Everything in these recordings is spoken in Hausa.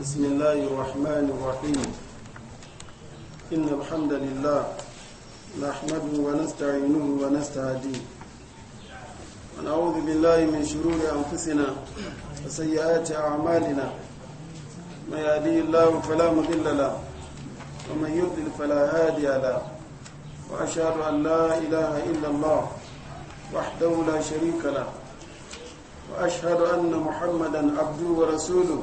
بسم الله الرحمن الرحيم إن الحمد لله نحمده ونستعينه ونستهديه ونعوذ بالله من شرور أنفسنا وسيئات أعمالنا ما يهدي الله فلا مضل له ومن يضلل فلا هادي له وأشهد أن لا إله إلا الله وحده لا شريك له وأشهد أن محمدا عبده ورسوله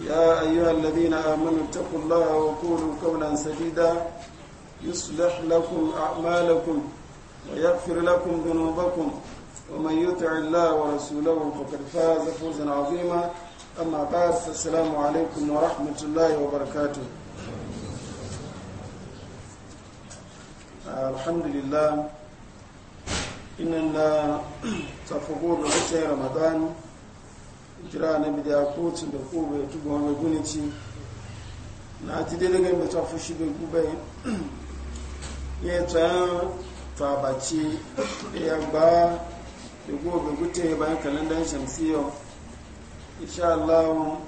يا أيها الذين آمنوا اتقوا الله وقولوا قولا سديدا يصلح لكم أعمالكم ويغفر لكم ذنوبكم ومن يطع الله ورسوله فقد فاز فوزا عظيما أما بعد فالسلام عليكم ورحمة الله وبركاته الحمد لله إننا تفقوا بغسل رمضان jira na bida kotu da ko bai tuba wani gunici na ti dai daga mai tafi shi bai gube ya tsayan tabaci ya ba da gobe gute bayan kalandar shamsiyo insha Allah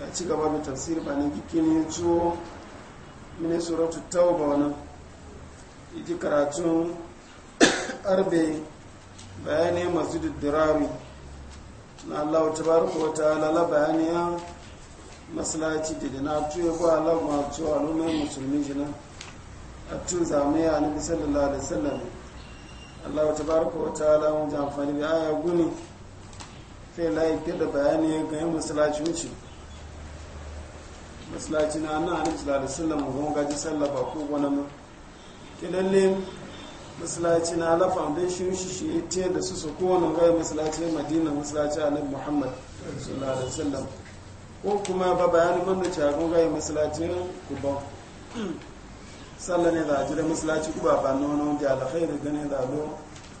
ya ci gaba da tafsir ba na gikini tuwo mini suratu tauba wani iji karatun arbe bayanai masu duddirari na Allah tabaraka wa ta'ala la bayaniya maslaci da na tuye ko Allah ma wa nuna musulmi jina a tun zamai ya nabi sallallahu alaihi wasallam Allah tabaraka ta ta'ala mun ji amfani da aya guni sai lai ke da bayani ga maslaci wuce maslaci na annabi sallallahu alaihi wasallam ga ji sallaba ko gona mu ke lalle masalaci na ala foundation shi shi ita da su su kowane gaya masallaci madina masallaci annabi muhammad sallallahu alaihi wasallam ko kuma ba bayani man da cagon gaya masalaci kuban sallah ne za jira masallaci kuba ba nono da da gane da a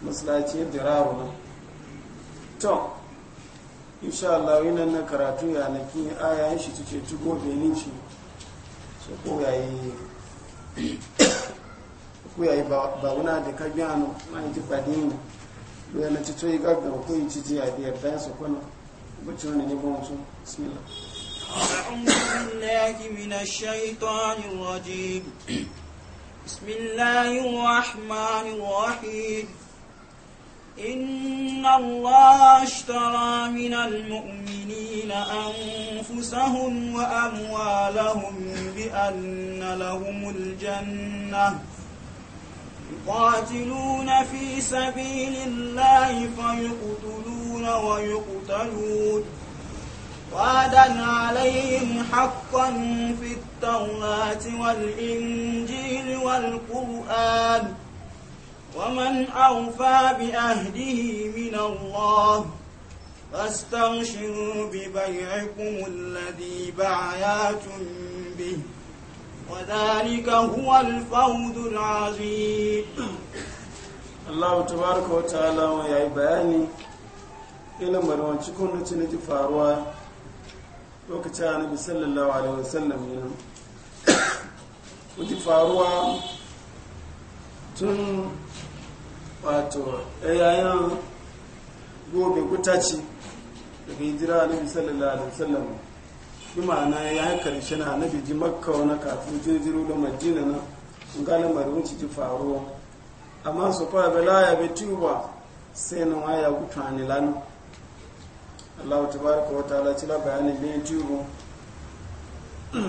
masalaci masallaci diraru na to insha Allah nan na karatu ya na kin aya shi tuce tugo benin shi so ko yayi kuya yi ba wuna da ka gyanu ma yi ji badini ya na ci tsoyi gaggara ko yi ci ji a biyar da ya su kwana bacci wani ne ba mutum bismillah أعوذ بالله من الشيطان الرجيم بسم الله الرحمن الرحيم إن الله اشترى من المؤمنين أنفسهم وأموالهم بأن لهم الجنة يقاتلون في سبيل الله فيقتلون ويقتلون وعدا عليهم حقا في التوراة والإنجيل والقرآن ومن أوفى بأهده من الله فاستغشروا ببيعكم الذي بعياتم به وذلك هو الفوز العظيم Allah tabaraka wa ta'ala ya yi bayani ilin marwanci kunduci na ji faruwa lokacin annabi sallallahu alaihi wasallam yana ji faruwa tun wato yayin gobe kutaci daga hijira annabi sallallahu alaihi wasallam bi ma'ana ya yi karshe na annabi ji makka wani kafin jirgiru da madina na gane marin ji faruwa amma su fara bala ya bi tuba sai na waya gutane lana allahu tabaraka ta ta'ala cila bayanin bin tuba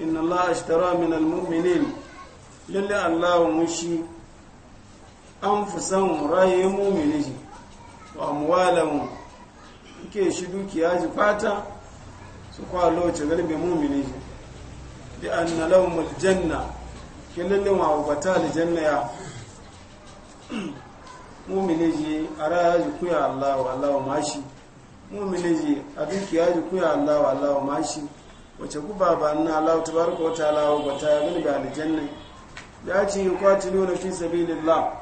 inna allaha ashtara min almu'minin lalle allahu mushi an fusan rayu mu'mini wa amwalahum ke shi dukiya ji fata su kwa lokaci galibin mumini ji bi an na laumul janna ke lallin wa bata aljanna ya mumini ji a raya ji kuya allahu allahu mashi mumini ji a dukiya ji kuya allahu allahu mashi wace guba ba na allahu tabaraka wa ta'ala wa bata galibin aljanna ya ce yi kwatilo na fi sabilillah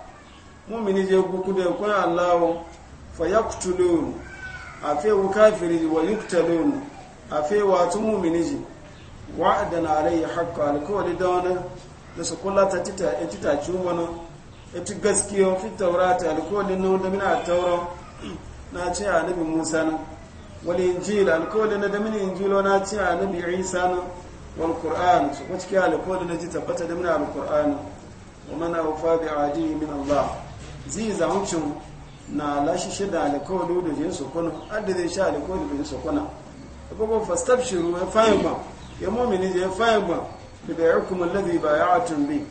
mumini je guku da kuya allahu fa ya yaqtulun afe wu kafiri wa yuktalun afe wa tu mu'mini ji wa'adana alayhi haqqan alkawli dawna da su kula ta tita e tita wani e ti gaskiyo fi taurata alkawli na wanda mina tauro na ce a nabi Musa na Wani injil alkawli na da inji injilo na ce a nabi Isa na wal qur'an su kuma ciki alkawli na ji tabbata da mina na wa man wufa bi adihi min Allah zai zamucin na lashi shida alkawali da jin su kuna adda zai sha alkawali da jin su kuna abubuwan ruwa, ya fayin ba ya momini ya fayin ba da da ba ya bay'atun bi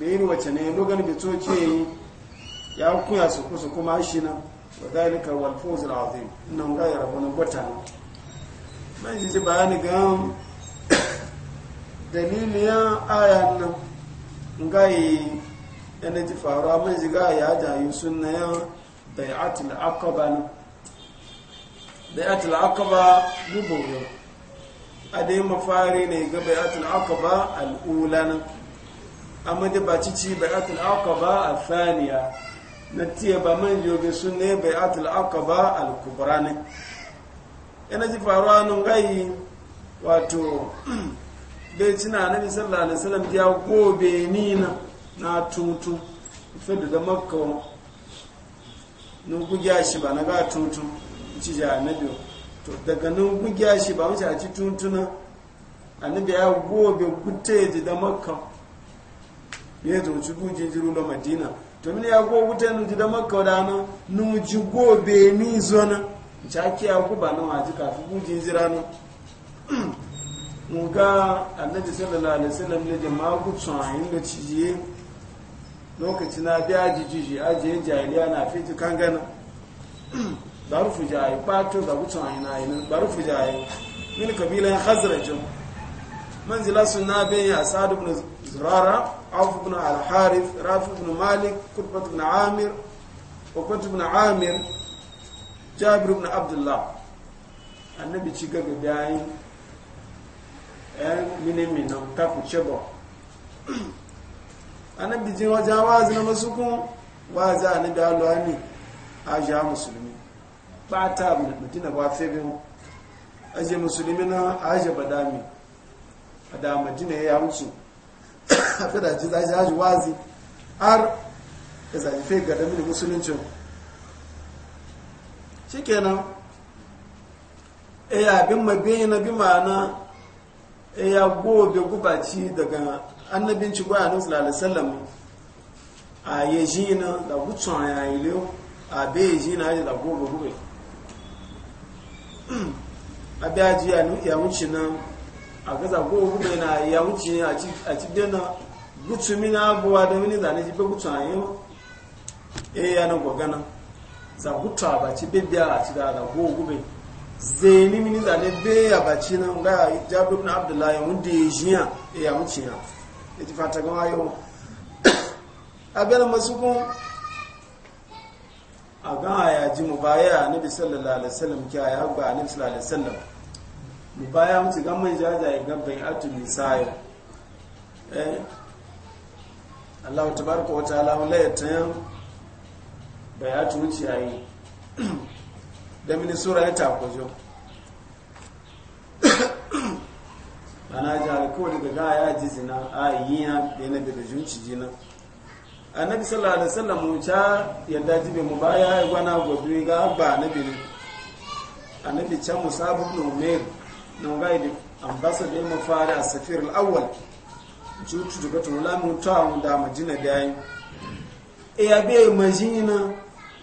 da yin wace ne logan bi toke ya kuya su kusa kuma shi na wa dalika wal fawz al azim nan ga yarabuna bata man ji ji bayani ga dalilin ayan nan ngai yana ji faruwa man ji ga ya jayu sunna yan bai'atul aqaba ne bai'atul aqaba lubuwa a da dai mafari ne ga bai'atul aqaba al'ula ne amma da ba cici bai'atul aqaba al-thaniya na tiye ba man yobe sun ne bai'atul aqaba al-kubra ne yana ji faruwa nun gai wato bai cina nabi sallallahu alaihi wasallam ya gobe ni na na tutu fa daga makka nugugiya shi ba na ga tuntun ci ji annabi to daga nugugiya shi ba wuce a ci tuntuna annabi ya gobe gute da da makka ne zo ci gujin jiru da madina to mini ya gobe gute nu ji da makka da na nun ji gobe ni zona ci ake ya ku ba na waji kafin gujin jira na mun ga annabi sallallahu alaihi wasallam ne jama'a gutsu a da ciye lokaci na biya jijiji ajiye jahiliya na fiti kangana gana barufu jayi bato ga wucin aina aina barufu jayi min kabilan hazirajin manzila suna bin ya sadu bin zurara auf bin alharif rafi bin malik kurbat bin amir uqbat bin amir jabir bin abdullah annabi ci gaba bayan eh mini minan kafin cebo annabi jin wajen wazi na masu kun wazi annabi alwani a ja musulmi ba ta mutum ba febin aje musulmi na aje badami a da madina ya mutu a fida ji zaji haji wazi har ya zaji fai ga damini musuluncin shi kenan iya e bin mabiyi na bi ma'ana iya e gobe gubaci daga annabin ci gwaya nusu lalisallam a yi ji na da gutsun ya ile a bai ji na yi da gobe gobe a bai ji ya wuce na a gaza gobe gobe na ya wuce a ci dena gutsun mina abuwa da mini zane jibe be gutsun a yi e ya na gwagana za gutu a baci be biya a ci da da gobe gobe zai ni mini zane bai ya baci na ga jabi na abdullahi wanda ya ji ya wuce na eti fata ga wayo abela masukun a ga ya ji mu baya nabi sallallahu alaihi wasallam ki aya ga nabi sallallahu alaihi wasallam mu baya mu ci gamman jajaye gabban atu misayo eh Allah tabaraka wa ta'ala wala yatan bayatu ci ayi da mini sura ya kujo Ana jara kawai daga ga ya ji zina a yi na da yana daga junci jina annabi sallallahu alaihi wasallam ta yadda jibe mu ba ya gwana gobe ga abba annabi ne annabi cha musabu ibn umair nan ga idi ambassador mu fara a safir al-awwal jutu daga to mu ta mu da majina da yi e ya be majina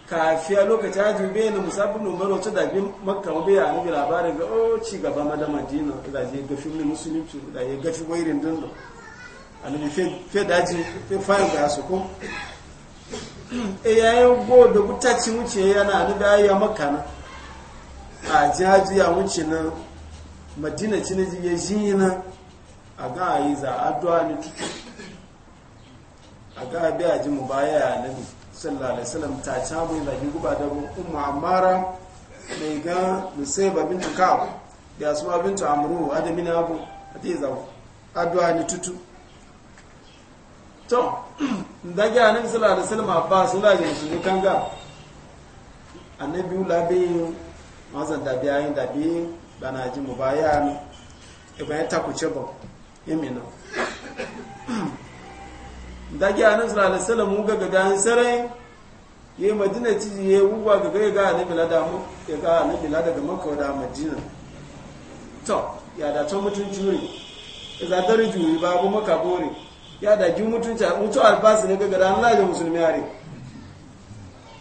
kafiya lokacin hajji bai na musafin numar wata dagin makka bai ya nufi labarin ga o oh, ci gaba ma da madina da ya gafi mai musulunci da ya gafi wairin dindo a nufi fe daji fe fayin ga su kun e eh, yayin go da gutacci wuce yana a ayya makka na a ji hajji ya wuce na madina ci na ji ya ji na a ga a yi za a addu'a ne a ga a biya ji mu baya ya nufi sallallahu alaihi wasallam ta cabo da guba da umma amara mai ga musaiba bintu ka'ab da asma bintu amru adamina abu hadiza adwa ni tutu to ndage annabi sallallahu alaihi wasallam abbas la yin su kanga annabi ulabe mazan da biyayin da bi bana ji mubaya ne e bayan takuce ba yemina dagi anan sallallahu salam wasallam ga ga dan sarai ye madina ci ye wuwa ga ga ga ne bilada mu ya ga ne bila ga makka da madina to ya da to mutun juri za da juri ba bu maka bore ya da ji mutunci mutu albasi ne ga ga dan laje musulmi are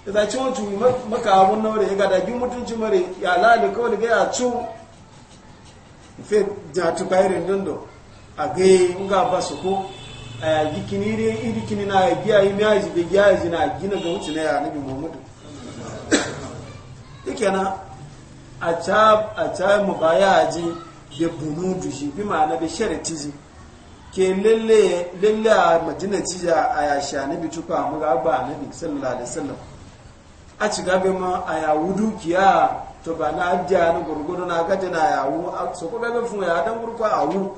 za ci mutu maka abun naure ya ga da ji ci mare ya lalle kawai ga ya cu fe ja tu bayrin dindo a ga ga basu ko yikini eh, ne iri kini na giya yi miya ji giya ji na gina ga wuce na ya nabi muhammadu yake na a ca mu baya ji da bunu dushi bi ma na bi sharati ji ke lalle lalle a madina ci a yasha nabi tuka mu ga ba nabi sallallahu alaihi wasallam a ci gabe ma a yawu dukiya to ba na ajiya na gurgudu na gaji na yawu so ko gabe fun ya dan gurgu a wu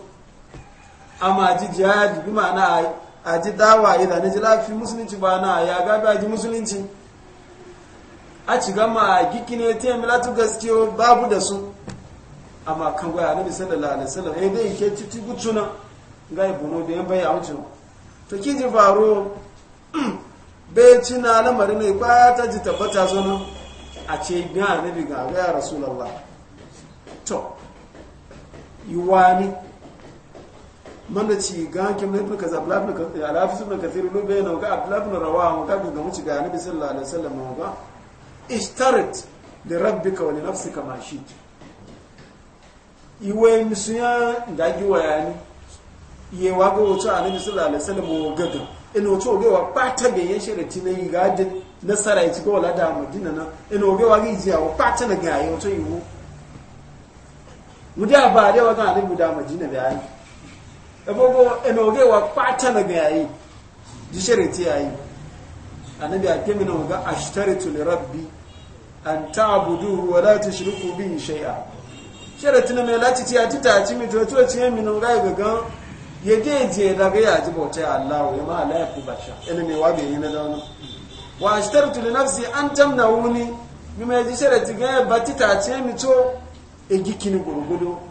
amma ji jihadi bi ma'ana a ji dawa idan na ji lafi musulunci ba na ya gabi a ji musulunci a ci gama a gikine ta yi milatu gaske babu da su amma kan gwaya na bisa da lalisalar ya eh, dai ke titi na ga yi bono da ya bayi a wucin to ki ji faru bai ci na lamari ne ba ta ji tabbata zonu a ce biya na biga ga ya rasulallah to yi wani mana ci gan kim na ibn kaza bla bla ala fi sunna kathir lu bayna ga abdullah ibn rawah ga ga mu ci ga nabi sallallahu alaihi wasallam ga ishtarat li rabbika wa li nafsika ma shi iwe misuya da gi wayani iye wa ga wato annabi sallallahu alaihi wasallam ga ga ina wato ga wa pata be yan shira ti na ga da nasara yi ga wala da madina na ina ga wa ga ji wa pata na ga yi wato yiwu mu da ba da wa ga annabi da madina bayani ebogo enoge wa kwata na gayi jisharati Ana annabi akemi na ga ashtaritu rabbi an ta'budu wa la tushriku bihi shay'a sharati na mela lati ya ci ta ci mi to to ci mi no ga ga yege je da ga ya ji bauta ya ma la ku basha Ɛna me wa bayin na dawo wa ashtaritu li nafsi an tamnawuni mi me jisharati ga batita ci mi e gurgudu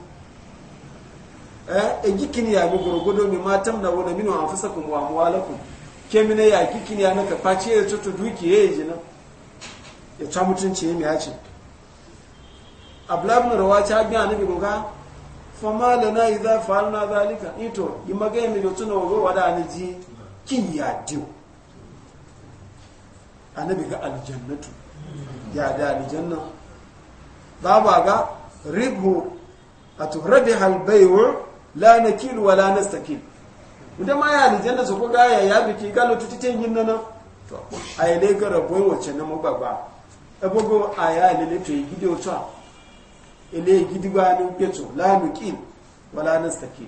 e eh, gikin ya bi gurgudu mi matam da wani minu anfusakum wa amwalakum ke mina ya gikin ya naka face ya cutu dukiye ya jina ya ta mutunci ya miya ce rawa ta bi annabi goga fama lana idza fa'alna zalika ito imaga mi do tuna wogo wada ni ji kin ya dio annabi ga aljannatu ya da aljanna ba ba ga ribu ato rabi halbaiwa la nakil wala nastakil inda ma ya aljanna su ko ga ya biki galo tutitin yin nana to ay ne ga boy wace na mababa ebogo aya lele to gido to ele ba ni peto la nakil wala nastakil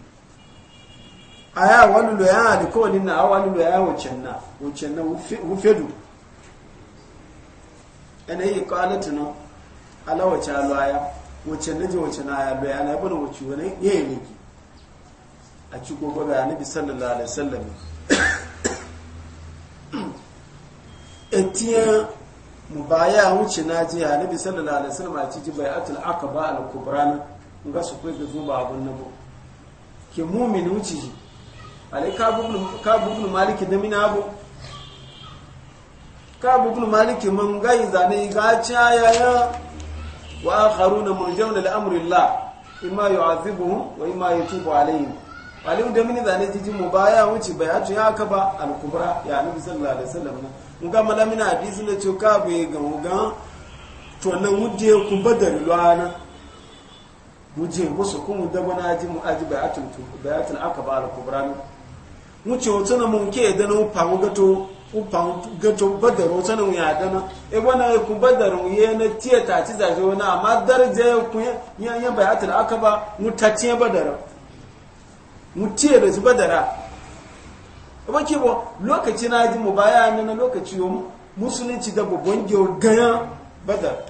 aya wani lo ya kowani na wani lo ya wace na wace na wufedu ana yi kwalatu na ala wace alwaya wace na je wace na ya bayana ya bada wace wani yayin yake a ci gobe ga yanibi sallallahu alaihi wasallam etiya mubaya wuce na ji yanibi sallallahu alaihi sallam a ci bai atul aqaba al kubra ga su kai zuba abun nabo ke mu'min wuce ji alai ka bugun maliki da mina abu ka bugun maliki man gai zane ga caya ya wa akharuna murjauna li amrillah imma yu'azibuhum wa imma yutubu alaihim alim da mini zane jiji mu ya wuce bai atu ya aka ba al ya annabi sallallahu alaihi wasallam na mun ga malamina hadisi na ce ka bai ga mu ga to nan wuje ku badar lwana wuje musu ku mu da bana ji mu aji bai atu bai atu aka ba alkubra kubra ne mu ce wato na mun ke da no fa mu gato ku fa gato badar wato na mu ya da na e bana ku badar mu ye na tiyata ta ci zaje wani amma daraje ku ya ya bai atu aka ba mu ta ce badar mutiye da da ra. kuma ke bo lokaci na ji mu baya na na lokaci yo musulunci da babban gyo gaya badar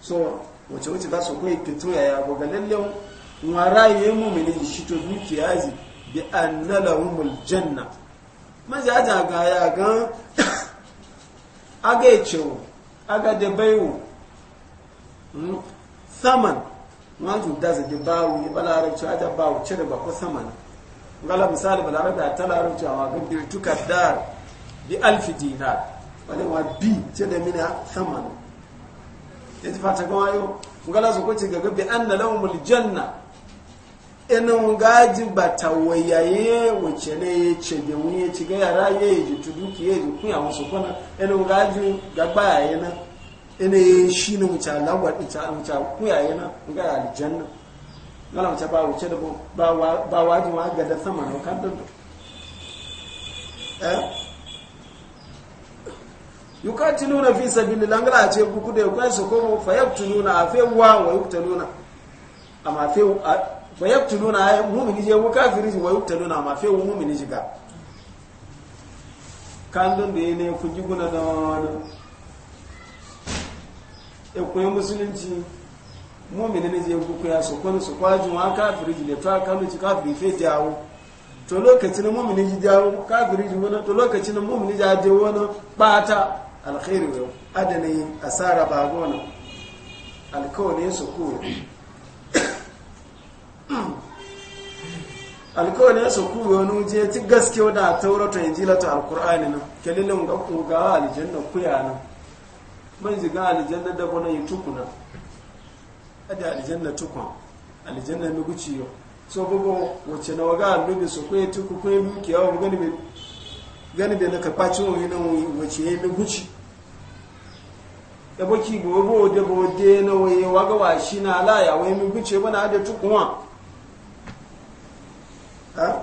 so wace wace ba su kai fito ya ya ga lalle wa rayiye mu mene shi to ya ji bi anna lahumul janna maza ja ga ya ga aga ya ce aga da baiwo saman hmm, maju da zage bawu ya ba arabci aja bawu cire ba ko sama ne ngala misali bala arabi a tala arabci awa ga birtu da bi alfi dinar wani wa bi ce da mina sama ne ya ji fata ga yau ngala su kwace ga gabi an na lahumul janna Inu gaji ba ta wayaye wace ne ya ce da wani ya ci ga yara ya yi ji tuduki ya ji kunya musu kuna inu gaji ga baya yana Ina yi shi ne wuce ita wuce wuce kuyaye na ga aljanna ngala wuce ba wuce da ba waji wa ga da sama na kan dan eh yukatiluna fi sabilillah ngala ce ku ya ku su ko fa yaqtuluna afi wa wa yuqtaluna amma fi fa yaqtuluna mu'mini je ku kafiri wa yuqtaluna amma fi mu'mini jiga kan dan da ne ku guna da wani Ekwe musulunci mumini ne zai kuku ya su kwani su kwaji wa kafiri ji le ta kanu ci kafiri fe jawo to na mumini ji jawo kafiri ji wani to na mumini ji ajiye wani bata alkhairu yau a asara ba gona ya su kuwa ya su kuwa wani ya ci gaske wadda a taurata injila ta alkur'ani na kalilin ga aljanna kuya nan. man ziga aljanna da bana yi tukuna ada aljanna tukun aljanna mi guci yo so bugo wace na waga alubi so ko tuku kwe muke yawa mu gani gani da na kafaci wa yi na wace ya mi guci da baki gobo da bode na waye waga wa shi na laya wai mi guce bana ada tukunwa ha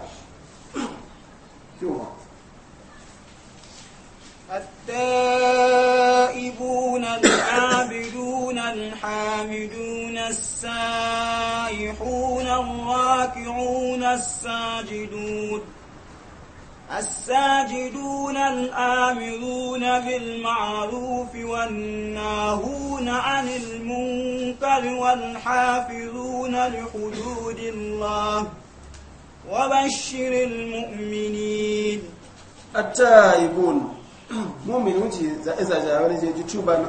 التائبون العابدون الحامدون السائحون الراكعون الساجدون الساجدون الآمرون بالمعروف والناهون عن المنكر والحافظون لحدود الله وبشر المؤمنين التائبون mumin wuce za a jawar je ji tuba na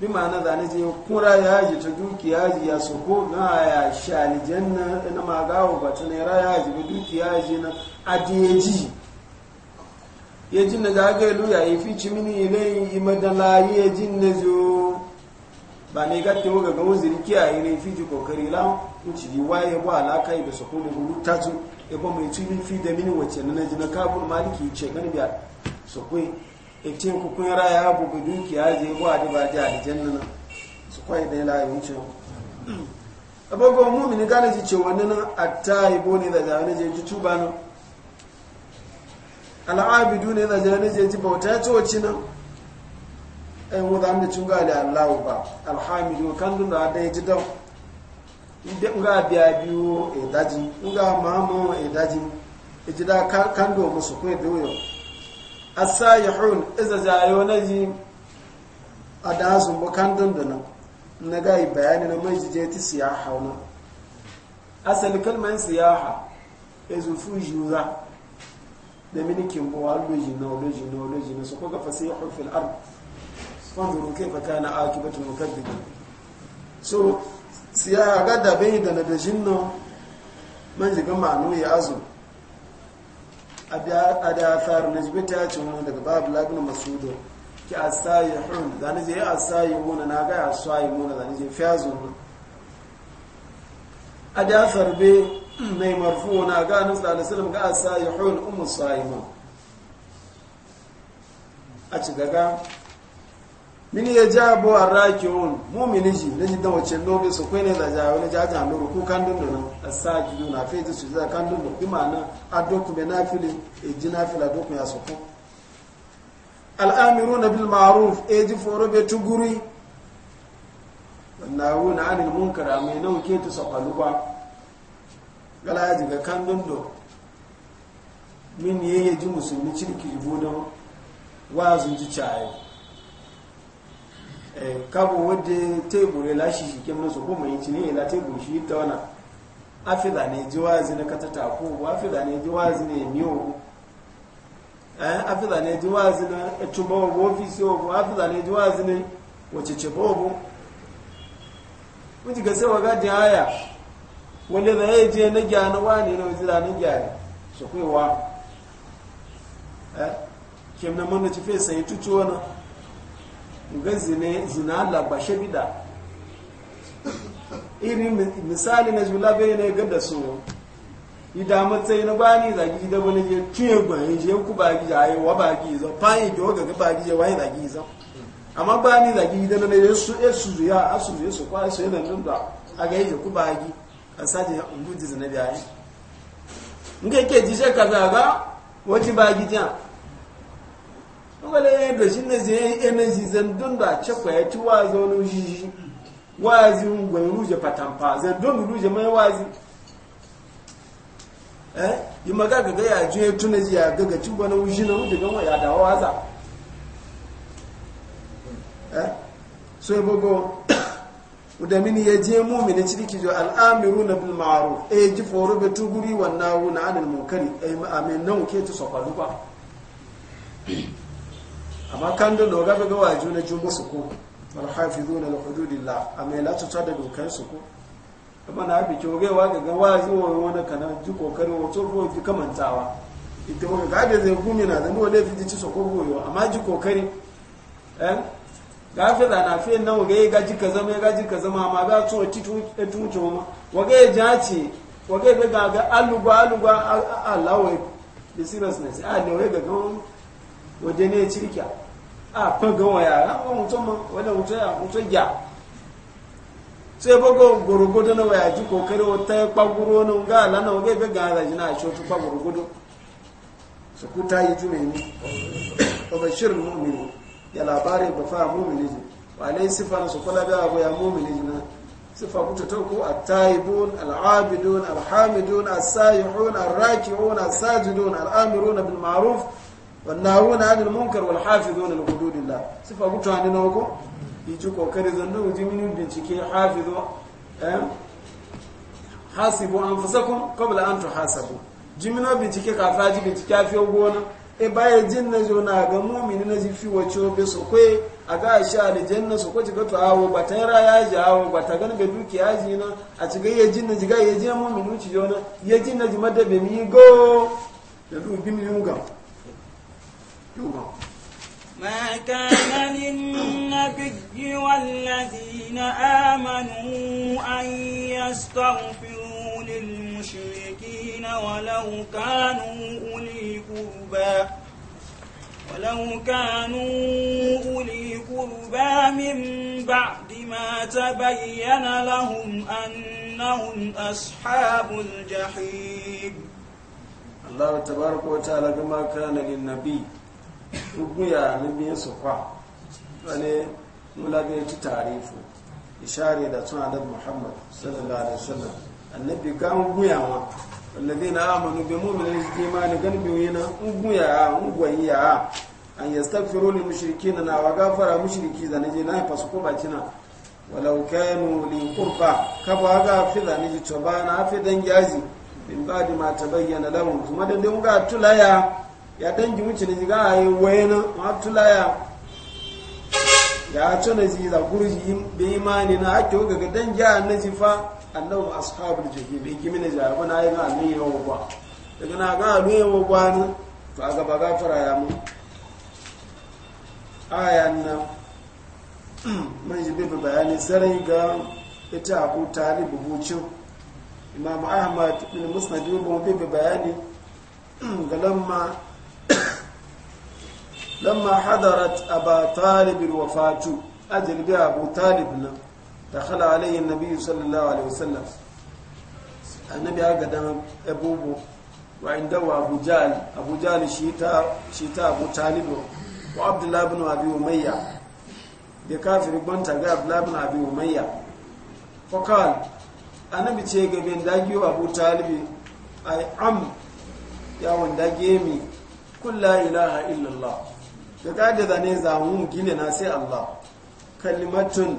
bi ma'ana zane je kura ya ji ta dukiya ji ya soko na ya shali janna na gawo ba ta naira ya ji ba dukiya ji na adiyeji ya ji na ilu ya yi fi ci mini madala yi ya ji na zo ba ne ga tewo ga gawon zirki a yi fi ji kokari lan wuce yi waye ba alaka da soko da buru ta zo ya ba mai tumi fi da mini wace na na ji na kabul maliki ce gani biya sokoi ite ku kun raya abu bi dukiya je ba da na su kwai dai la yin ce abogo mu'mini gane ji nan wannan ibo ne da zane je ji tuba na al'abidu ne da zane je ji bauta ya wacce na ai mu da mu tunga da Allah ba alhamidu kan dun da ji dan biya biyo e daji mamu e daji e ji da kan do musu asayihun iza jayo na ji a da su bukan dundun na gai bayani na mai jije ti siyaha wani asali kalmar siyaha ezu fuji za da minikin buwa loji na loji na loji na su kuka fasihu fil ard fanzuru kaifa kana akibatu mukaddibin so siyaha ga da bai da na da jinno man jiga ma'anu ya azu a da faru na ta ce wani daga babu lagina masudo ki a sayi hun zane zai a sayi wuna na gaya a sayi wuna zane zai fiya zuwa a da faru mai marfu na gani tsada da ga a sayi hun umu sayi ma a ci gaga mini ya ja bo arrakiun mu'mini ji na ji da wace lobe su kai ne da ja wani ja ja luru ku kan dun dun asaji na fe ji su da kan dun dun kuma na adoku be nafili e ji nafila doku ya su ku al'amiru na bil ma'ruf e ji foro be tuguri wannahuna anil munkar amai nan ke tu sakalu ba gala ya ji ga kan dun dun min ye ji musulmi cirki ribo don wazun ji chaye kabo wadda tebure lashi shi kem nasu ko mai cini ila tebure shi ta wana afida ne jiwazi na katata ko afida ne jiwazi ne miyo eh afida ne jiwazi na tumba wo office wo afida ne jiwazi ne wacece bobo wuji ga sai waga jin haya wanda da ya je na gyana wani na wajen zanen gyara su kwewa eh kem na mana ci fesa yi tutu wani ga zine zina lagba shabida iri misali na jula bai na ga da su yi da matsayi na bani zagi da wani je tuye gwanin je ku ba gi ya wa ba gi zo fayi to ga ba gi wai zagi zo amma bani zagi da na ne su e su ya a asu ya su kwa su yana nan da aga yi ku ba gi ya saje unguji zina da yi nke ke ji shaka ga wati ba gi jan wale ya da shi na zai energy zandun da cakwa ya ci wazo na shi wazi gwan ruje fatamfa zandun ruje mai wazi eh yi maga gaga ya ji ya tuna ji ya gaga ci wani wushi na ruje gan waya da waza eh so ya bugo da mini ya je mu mini ciki zo al'amiru na bil ma'ruf eh ji foro be tuguri wannan na anil munkari eh amin nan ke ta sofa duka amma kan da loga ga wa juna jumu su ko wal hafizuna li hududillah amma la ta da dokan su ko amma na bi ko ga wa ga wa zuwa wani kana ji kokari wato ko fi kamantawa ita ko ga da zai gumi na da dole fi ji su ko goyo amma ji kokari eh ga fi da na fi nan ga ga ji ka zama ga ji ka zama amma ga to titu titu to wa ga ja ce wa ga ga aluba aluba Allah wa seriousness ah ne wa ga ga waje ne cirka a fagan wa yara wa mutum wanda mutum ya sai bago gorogodo na waya ji kokari wata ya kpaguro na ga ala na oge ga ala jina a shotu kwa gorogodo su ku ta yi jume ne o ba shirin mumini ya labarin ba fa mumini ji wa alai sifa na su kula biya ba ya mumini ji na sifa ku ta ko at-taibun al-abidun al-hamidun as-saihun ar-raki'un as-sajidun al ma'ruf والناهون عن المنكر والحافظون لحدود الله صفه غوتو عن نوكو يجي bincike kafa ji bincike afi gona baya jin na zo na ga mumini na ji fi a ga shi aljanna so ko jiga to awo ba ta ra ما كان للنبي والذين آمنوا أن يستغفروا للمشركين ولو كانوا أولي قربى ولو كانوا أولي قربى من بعد ما تبين لهم أنهم أصحاب الجحيم الله تبارك وتعالى كما كان للنبي uguya ni biyan su kwa wani mulabiyar ki tarifu ishare da tun adab muhammad sallallahu alaihi wasallam annabi ga uguya ma wallazi na amanu bi mu'minin su imani gan bi yana uguya ugwayya an yastaghfiru lil mushrikeena na wa gafara mushriki da naje na fasu ko bacina walau kanu li qurba ka ba ga fi da naje to ba na fi dan yaji in ba di ma tabayyana lahum kuma da dun ga tulaya ya dan ji na ji a yi wayana matulaya ya ya ne na ji za kurji bi imani na ake ga ga dan a na ji fa annabu ashabul jahim bi kimin na jaya bana yi ga ne yawo ba daga na ga ne yawo ba ni to a gaba fara ya mu ayan nan mun ji bebe bayani sarai ga ita abu talib bucin imam ahmad bin musnad bin bebe bayani ga lamma hadarat aba talibin wafatu ajin bi abu talib na da khala alayhi sallallahu alaihi wasallam annabi aga abubu wa inda wa abu jahl abu jahl shi ta shi abu talib da kafiri banta ga abdullah ibn abi umayya annabi ce ga bin dagiyo abu talibi ai am ya wanda gemi kullu ilaha illallah da kada da ne zamun gine na sai Allah kalimatun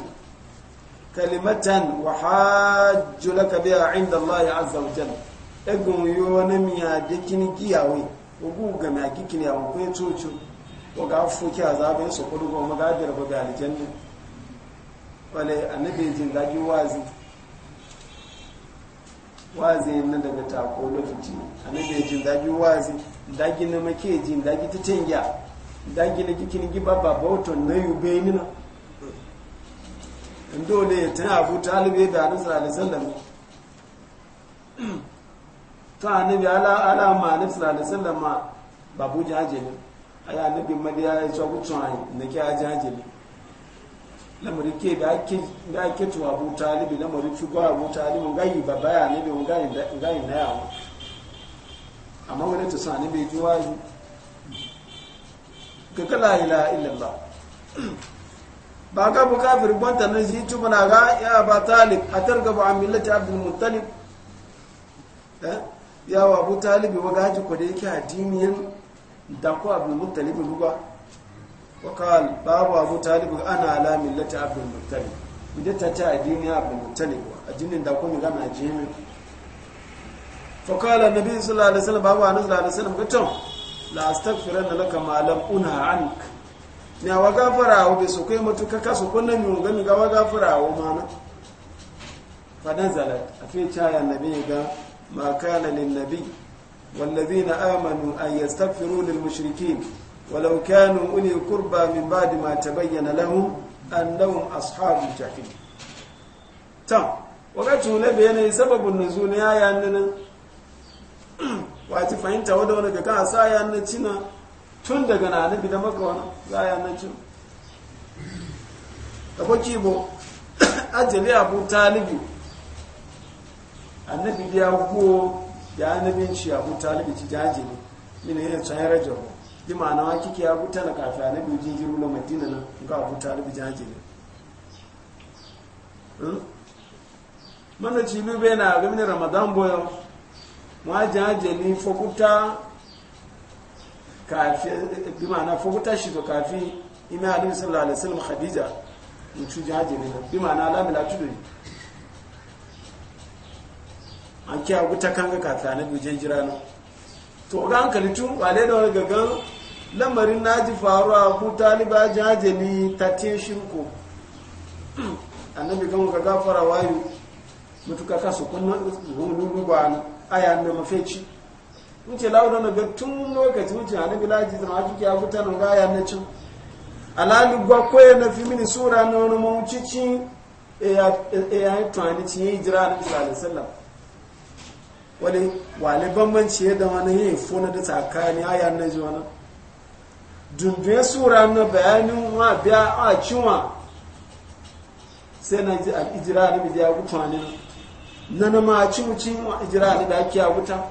kalimatan wa hajju laka biha inda Allah ya azza wa jalla egun yo na miya de kini giyawe ugu ga na kikini ya ko cucu ko ga fuki azabin su kudu go magadir ba ga aljanna wale annabi jin gaji wazi wazi na daga tako lokaci annabi jin gaji wazi dagi na make jin dagi ta tengiya dangine kikin giba ba wato na ube nina dole ya tana abu talibai da hannun sallallahu sallam ta annabi ala ma annabi sallallahu sallam babu jajeli aya annabi madiya ya ce kucin na ke a ne. lamari ke da ake tuwa abu talibi lamari gwa abu talibi gayi babba ya annabi gayi na yawon amma wani tusa annabi juwa yi to ka la ilaha illallah ba ka bu kafir bonta na ji tu bana ga ya ba talib atargabu an millati abdul muttalib eh ya wa bu talib wa gaji ko da yake addinin da ko abdul muttalib ruwa wa qal babu abu talib ana ala millati abdul muttalib idan ta ta addini abdul muttalib addinin da ko mi ga na jini fa qala nabi sallallahu alaihi wasallam babu annabi sallallahu alaihi wasallam lastafirana laka malam una anka ni awa gafarawo bai su kai matukaka su kunna mi gani gawa gafarawo na. fadan zala a fi caya na biyu ga makana biyu, wanda wallazi na amanu a yi stafiru da mashirki walaukanu uli kurba min ba da mata bayyana lahun an lahun ashabu tafi tam wakati na bayanai sababin nazo na yaya nanan wace fahimta wadda wani ga kan sa ya nan cina tun daga na nabi da maka wani za ya nan cin da kwaki bo ajali abu talibi annabi da ya go da annabin shi abu talibi ci ne mini yin tsayin rajar bi ma'ana wa kike ya buta na kafin annabi jingiru na madina na ga abu talibi jajili hmm? mana cilu bai na gami ramadan boyan wajen ni fokuta kafi bi ma'ana fokuta shi to kafi ina hadin sallallahu alaihi wasallam khadija mutu jaje ne bi ma'ana lamila tudu an kiya guta kanga ka ta na jira jirano to ga hankali tun wale da wani gagan lamarin naji faruwa ku taliba jaje ni tatin shirko annabi kan ga gafara wayu mutuka kasu kunna lulu bana aya na mafeci wuce launa na ga tun lokaci wuce a nabi laji zama a cikin a kuta na gaya na cin alali gwa koya na fi mini sura na wani mawucici eh, eh, ya yi tuwani ci yi jira na da sallam wani wale bambanci ya da wani yin fona da tsakani aya na ji wani dundun sura na bayanin wa biya a cinwa sai na ji al'ijira na biya kuta ne na ma ci mucin jira da ake a wuta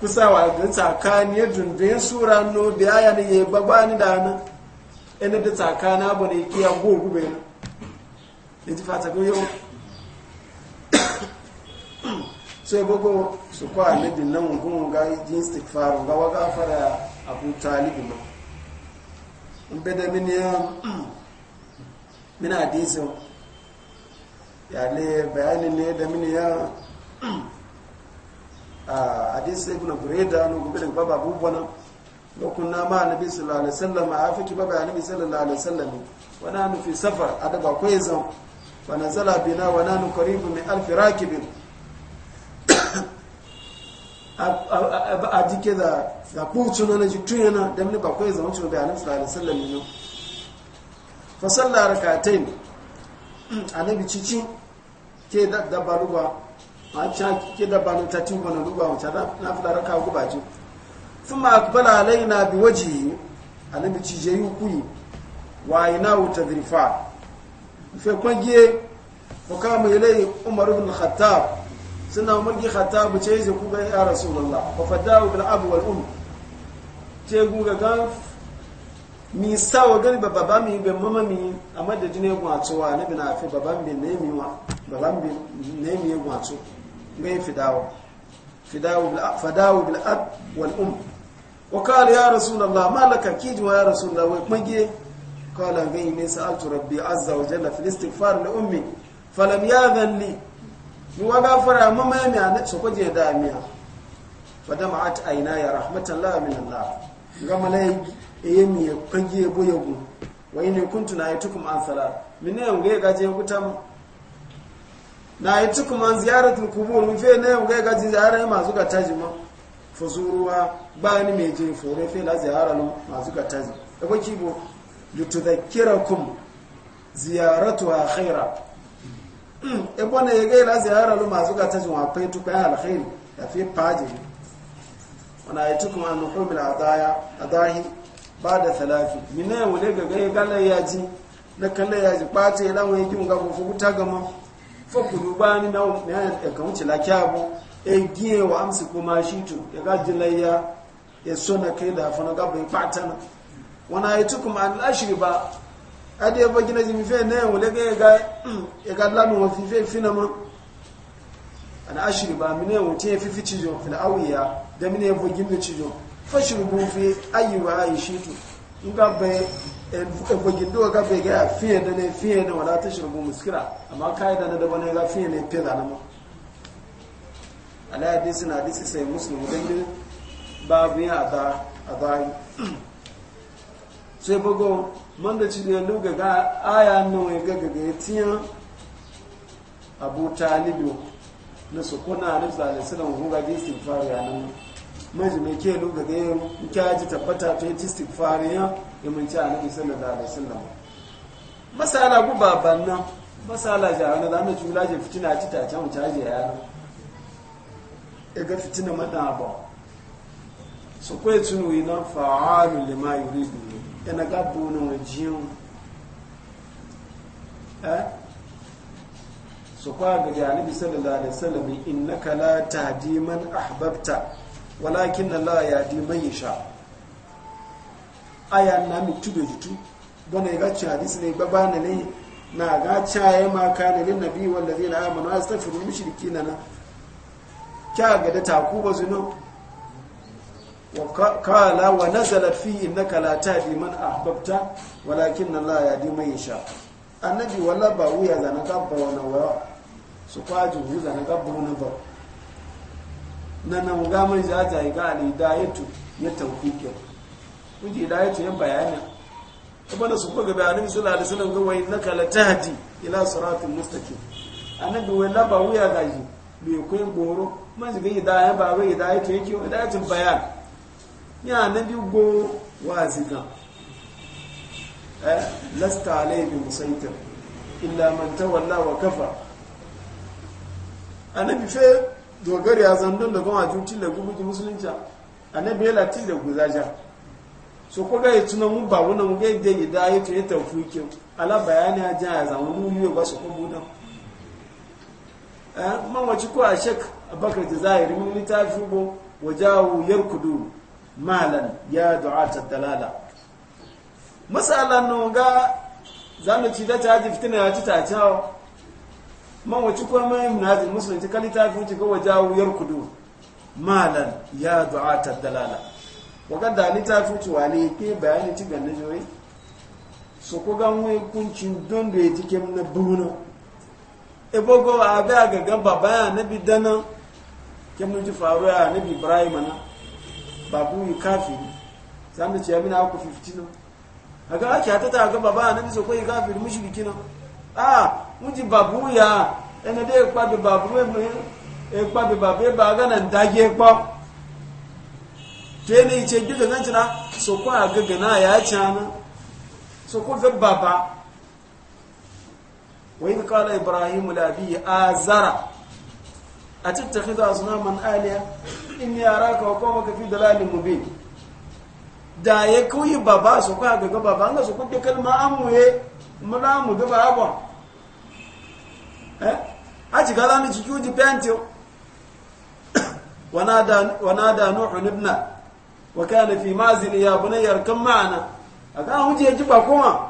kusa wa da tsakani ya dundun sura no da ya ne ya babba ni da nan ina da tsakani abu ne ke ya go bai na ji fata ko yau sai gogo su kwa ne din nan gun ga jin istighfar ga wa gafara abu talib ma in bada min ya min yale bayanin ne da mini ya a ah, hadisi ibn bureda no gobe da baba bubwana lokun na ma nabi sallallahu alaihi wasallam a fiki baba ya nabi sallallahu alaihi wasallam wana nu fi safar adaba ko kwaiza wa nazala bina wa nanu qaribu min alf rakibin a jike da da kucin na ji jitun na da mini ba kwaiza mutum da annabi sallallahu alaihi wasallam ne fa sallar rakatain annabi cici ke dabba ruba a can ke dabba na ta cin wani ruba wacce na fi raka ku baji sun ma akbala na bi waje bi cije yi yi wa yi ina wuta zirfa fe kwagiye mukamu ilai umaru bin khattab suna mulki khattab ce yi ku ga ya rasulullah fa fadawu bil abu wal um ce guga kan mi sawa gani ba baba mi be mama mi a madadin ya gwato wa nabi na fi baba mi ne mi wa baba mi ne mi ya gwato ga fidawo fidawo bil fadawo bil ab wal um wa qala ya rasulullah ma laka kiji wa ya rasulullah wa mage qala ga ni sa'altu rabbi azza wa jalla fil istighfar li ummi falam yadhan li ni wa gafara mama mi an so ko je da mi fa dama'at aina ya rahmatan la min allah ga malai eye mi ye kwangi ye boye gu wa in kuntu na yi aitukum an sala min ya ngai gaje gutam na yi aitukum an ziyaratul qubur min fe ne ngai gaje ziyara ma taji ma. fuzuruwa ba ni me je fure fe la ziyara no ma ka taji da ko kibo ziyaratu ziyaratuha khaira e bona ye gai la ziyara no ma ka taji wa fa tu ka ya fi paje wana aitukum an nuhumil adaya adahi ba da talafi mina ya wule ga gaya gala ya ji na kalla ya ji ɓata ya lawan ya gi ga ko fukuta gama fakulu ba ni na ya kan wuce lakiya bu ya e giye wa amsa kuma shi to ya ga laya ya so na kai da fa na ga bai ɓata na wana ya tukum an lashiri ba adi ya bagina jimi fe ne wule ga ya ga lamu wa fife fina ma an ashiri ba mine wuce ya fi fi cijo fil'awiya da mine ya bagin da cijo fashirbu fi ayyuha yashitu nga be evogido ga be ga fiye da ne fiye da wala tashirbu muskira amma kaida na da bane ga fiye ne fiye da na ala hadisi na hadisi sai muslim babu sai man da ci ne luga ga aya ga tiya abu talibu na sokona ga mai mai ke lu daga yin kyaji tabbata ta yi tistik fariya ya manci a nabi da alaihi wasallam masala ku baban nan masala ja wani zama jula je fitina ci ta can wuce aje yana ya e ga fitina mata ba su kwaye tunu yi na fa'alu lima yuri duru yana e gabo na wajiyan eh su kwa ga janibi sallallahu alaihi wasallam in na kala tadiman ahbabta walakin la ya di man sha. aya na mi tudo jitu bana ga ci hadisi ne baba na ne na ga caye ma ne lin nabi wal ladina amanu astaghfiru mushrikin na kya ga da takuba zuno wa qala wa nazalat fi innaka la tahdi man ahbabta walakin la ya di man sha annabi wala ba wuya zana gabba wa wa su kwaji wuya zana gabba wana ba na na muga mai zaja ga alidayatu ya da kuje tu yan bayanin kuma da su kuma ga annabi sallallahu alaihi wasallam ga wai naka la tahdi ila siratin mustaqim annabi wai la ba wuya gaji bi koyi goro man ga hidayah ba wai hidayatu yake tu bayan ya annabi go wazika eh lasta alayhi bi musaitir illa man tawalla wa kafa annabi fe dogari ya zandun da gama cuci da gubuki musulunci annabi ya lati da guzaja so ko ga yituna mun ba wona mun ga da ya to ya tafuke ala bayani a ja za mun mu ba su ko budan eh man ko a shek abakar jazairi mun ni ta shubo wajahu yarkudu malan ya du'ata dalala masalan no ga zamu ci da ta ji fitina ya ci ta cewa. man wace kuma mai munazir musulunci ta kalita fi wuce gawa jawuyar kudu malar ya du'a ta dalala wakan da ni ta fi wuce wale ke bayani ci ganna jori su ku ga wai kuncin don da ya jike na buna ebo go a ga ga ga baba ya nabi dana kemnu ji faru ya bi ibrahim na babu yi kafiri sai mu ce ya mina ku 15 ga ake hatata a ga baba ya bi so ko yi mushi mushriki na ah muji babu ya ene de pa be babu me e pa be babu ba ga nan dage pa tene ice gido na. cina so ko aga gana ya cana so ko ga baba wa in qala ibrahim la bi azara atattakhidhu asnaman aliya inni araka wa qawmaka fi dalalin mubin da ya kuyi baba so ko aga ga baba an so ko de kalma amuye mura mu da baba Eh? aci galami ci kyuji penti wanada nuhu ibna wa kana fi mazili ya bunayya arkan ma'ana aka huje ya jiba kuma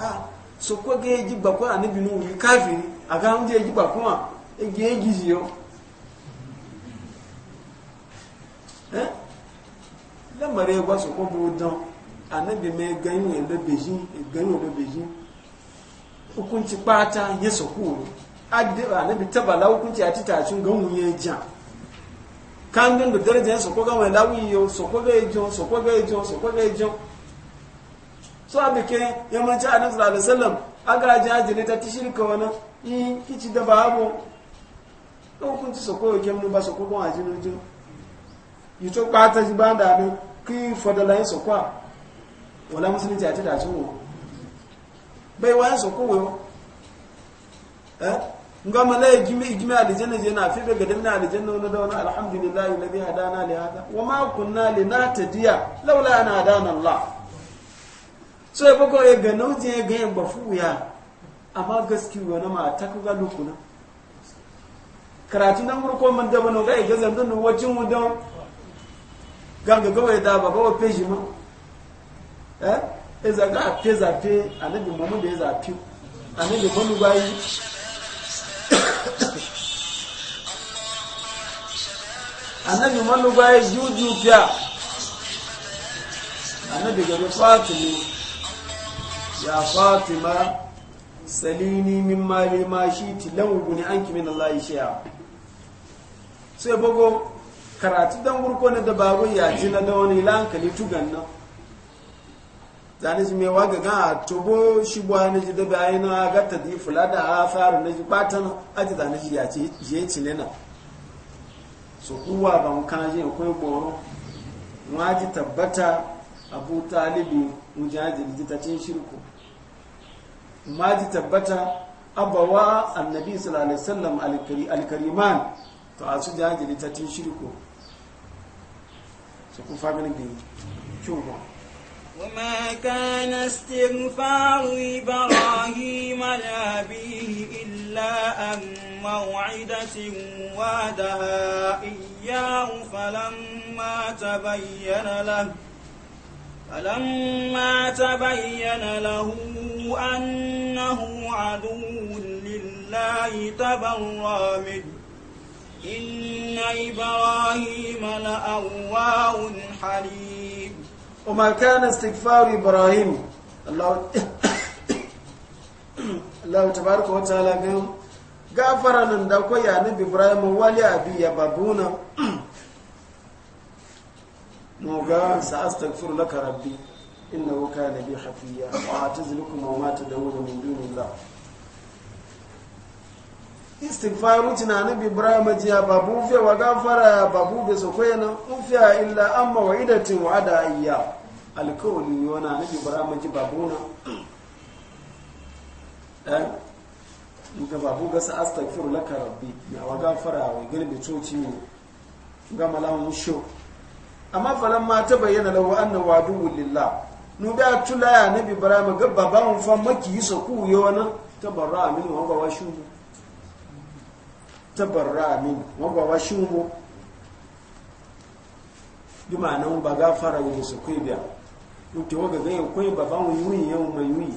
ah so ko ga ya jiba ko anabi nuhu yi kafiri aga huje ya jiba kuma ege ya giziyo eh lamare gwa so ko bu don anabi me ganyo ebe beji e ganyo ebe beji hukunci bata ya sukuru addu'a na bi tabala hukunci a titacin ganwu ya jan kan gan da darajar su ko ga mai lawi yo so ko ga ijo so ko ga ijo so ko ga ijo so abike ya manci annabi sallallahu alaihi wasallam aga jajire ta tishirka wana i kici da babo hukunci so ko ga mun ba so ko ga ajinu jo yito bata ji banda ne ki yin so kwa wala musulunci a titacin wo bai wayan so kowai wayo eh nga mala igimi igimi aljanna je na fi be gadan na aljanna wala dawna alhamdulillahi alladhi hadana li hada wa ma kunna linatadiya laula an hadana allah so e boko e gano je ga yan bafu ya amma gaskiya na ma ta ku ga lokuna karatu nan ko man da bano ga ga zan dun wajin mu don ganga gawaye da ba gawa peji ma eh ezaga ga ape zape anabi mamu da ya zafi anabi mamu bayi anabi mamu bayi juju fiya anabi gabe fatima ya fatima salini min mali ma shi tilawu ne an kimin Allah shiya sai bago karatu dan gurko na dabaru ya ji na da wani lankali tugan nan zane su mewa ga gan tobo shi buwa na ji da bayan na gata da fula da a faru na ji batan aji zane shi ya ce ci cile na so kuwa ba mu kan je ko ko wa ji tabbata abu talibi mujahid ji ta cin shirku ma ji tabbata abawa annabi sallallahu alaihi wasallam alkariman to a su jahid ta shirku so ku fa ganin kyau ba وما كان استغفار إبراهيم لأبيه إلا أن موعدة وعدها إياه فلما تبين له فلما تبين له أنه عدو لله تبرى منه إن إبراهيم لأواه حليم وما كان استغفار ابراهيم الله الله تبارك وتعالى غفر لنا دكو يا نبي ابراهيم ولي ابي يا بابونا موغا ساستغفر لك ربي انه كان بي خفيا واعتذر لكم وما تدعون من دون الله istighfaru mutu na nabi ibrahim jiya babu fe wa gafara babu be so ko yana ufiya illa amma wa idatin wa ada iya alkawli yana nabi ibrahim maji babu na eh ga babu ga sa astaghfiru laka rabbi na wa gafara wa gilbi coci ne ga malamu sho amma falan ma ta bayyana lahu annahu wadu lillah nu da tula na nabi ibrahim ga baban fa maki so ku yo na tabarra min wa wa shubu tabarra min wagwa wa shumbo duma nan ba gafara wa su kai biya mutu waga ga yau kai ba ban yuyi yau mai yuyi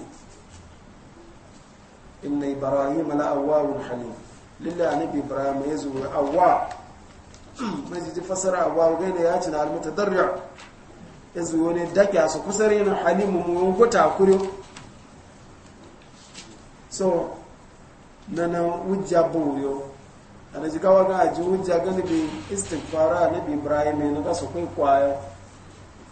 inna ibrahim la awwal halim lillahi nabi ibrahim yazu awwa ji fasara awwa ga ne ya ci na almutadarri yazu ne dake su kusare na halim mu gota kuro so nana wujabu yo ana ji gawa ga ji hujja galibi istighfara nabi ibrahim ne ga su kai kwaya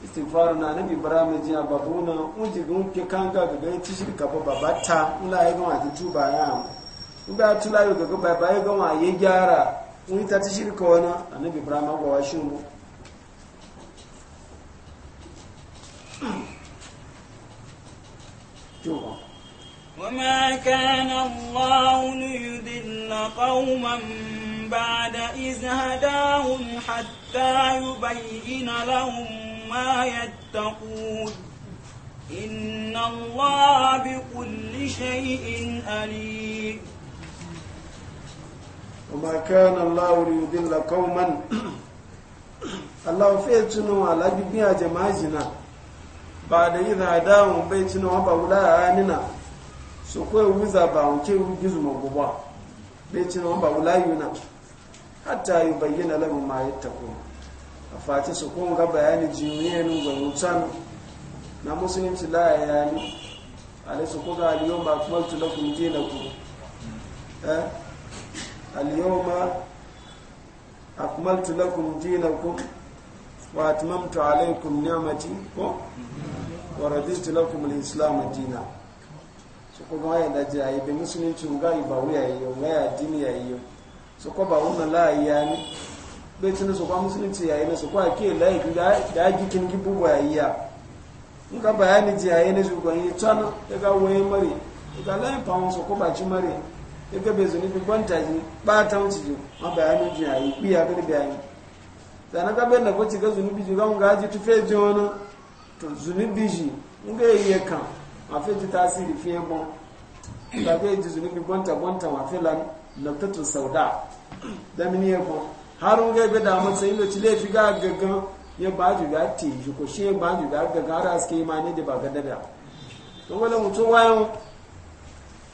istighfara na nabi ibrahim ji ababuna unji gun ke kanga ga ga ci shirka ba babata ula yi ga ji tuba ya in ba tula yi ga ba ba ga ma ya gyara un ta ci shirka na annabi ibrahim ga wa shi mu Thank you. وما كان الله ليذل قوما بعد إذ هداهم حتى يبين لهم ما يتقون إن الله بكل شيء أليم وما كان الله ليذل قوما الله فيتنوا على جميع جماعتنا بعد إذا هداهم بيتنا وبولاها آننا so kawai wuza ba wuce gizo maguba bai ci ba wula na hatta yi bayyana lamun ma ya tako a fati su kuma ga bayani jimiyyanu ga na musulunci laye ya yi ale su ga aliyu ma kuma tula ku je na ku eh aliyu ma akmaltu lakum dinakum wa atmamtu alaykum ni'mati ko wa raditu lakum al-islam dinan su ko ba ya da ji ayi be musulunci ga yi ba wuya yi ga ya dini ya yi su ko ba wannan la ya ni be tin su ba musulunci ya yi na su ko ake la yi da da gikin gibu ba yi ya in ka bayani ji ayi ne su ko yi tan daga waye mari daga la pa won su ko ba ci mari daga be zuni bi kwanta ji ba ta wuci ji ma bayani ji ayi ku ya ga bayani sana ka be na ko ci ga zuni bi ji ga mun ga ji tu fe jona to zuni bi ji mun ga kan afi ji siri fiye bon da bai ji zunubi bonta bonta mafi lantatun sauda da mini ya bon har un gaibe da matsayin da cile fi ga gaggan ya ba ju ga ti shi ko shi ba ju ga gaggan har aske yi ma ne da ba ga dabiya to wala mutum wayo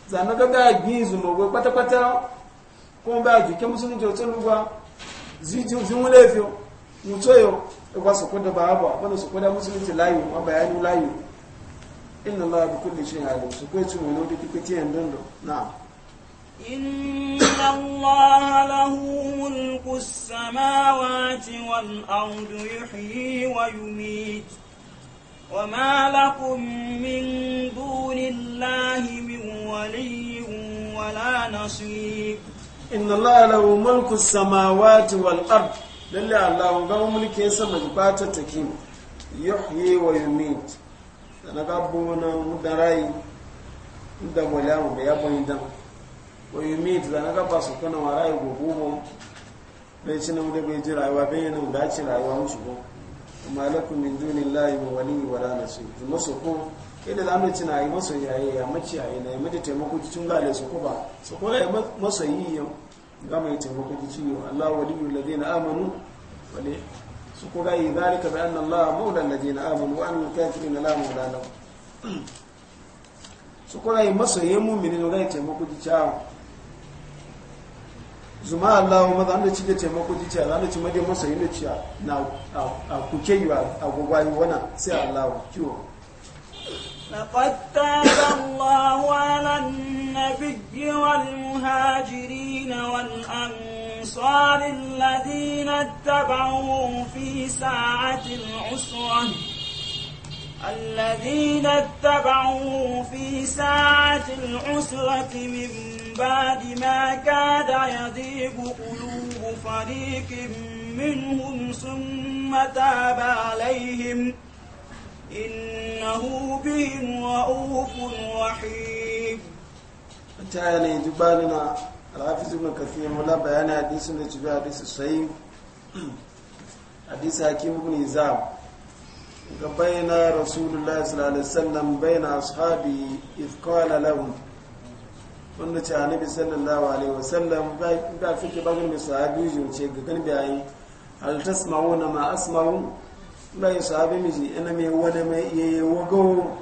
zanna ga ga gin zumo go kwata kwata ko ba ji ke musun jo tun ruwa ziju zun lefiyo mutoyo e ba su da ba ba ba su ko da musulunci layu ma bayani layu inna allaha bi kulli shay'in alim su kai cin wani duk kace yan dan do na'am inna allaha lahu mulku samawati wal ardi yuhyi wa yumit wa ma lakum min duni allahi min waliyyi wa la nasir inna allaha lahu mulku samawati wal ardi lalla allahu ga mulki sama bi ta takim yuhyi wa yumit sanaga bona mudarai da wala mu ya bani dan ko yumi sanaga ba su kana warai gobubo bai ci nan da bai ji rayuwa bai yana da ci wa mu shigo amma lakum min dunillahi wa wali wa la nasir musu ko kada da amince na yi masoyi yayi ya mace yayi na mu mata taimako cikin gale su ko ba su ko ya yi yau ga mai taimako cikin Allah waliyul ladina amanu wali suku gai zalika bi anna allaha mawla alladhina amanu wa anna al-kafirina la mawla lahum suku gai masoye mu'minin gai taimako ji cawo zuma allahu maza an da ci da taimako ji cawo an da ci madai masoye da ci na a ku kuke yi a gwagwayi wana sai allahu kiwo لقد تاب الله على النبي والمهاجرين والأنصار أنصار الذين اتبعوه في ساعة العسرة الذين اتبعوه في ساعة العسرة من بعد ما كاد يضيق قلوب فريق منهم ثم تاب عليهم إنه بهم رؤوف رحيم تعالى alhafiz ibn kathir mula bayani hadisin da cibiyar bi hadisi sai hadisi hakim ibn izab ga bayyana rasulullahi sallallahu alaihi wasallam bayyana ashabi if qala lahum wanda ci annabi sallallahu alaihi wasallam ba fike bagin da sahabi jin ce ga kan bayi hal tasma'una ma asma'u bai sahabi miji ina me wani mai yayi wago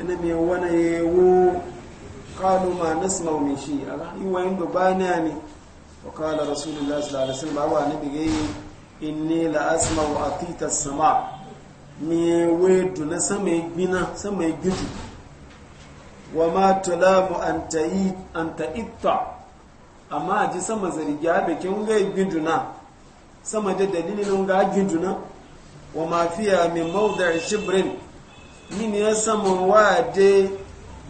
ina me wani yayi قالوا ما نسمع من شيء الله يوين بباناني وقال رسول الله صلى الله عليه وسلم أبا نبي إني لا أسمع أطيت السماء مي ويد نسمع بنا سمع جد وما تلام أن تئت أن تئت أما أجي سمع زرجة بكيون غير جدنا سمع دليل نونغا جدنا وما فيها من موضع شبر من يسمع وادي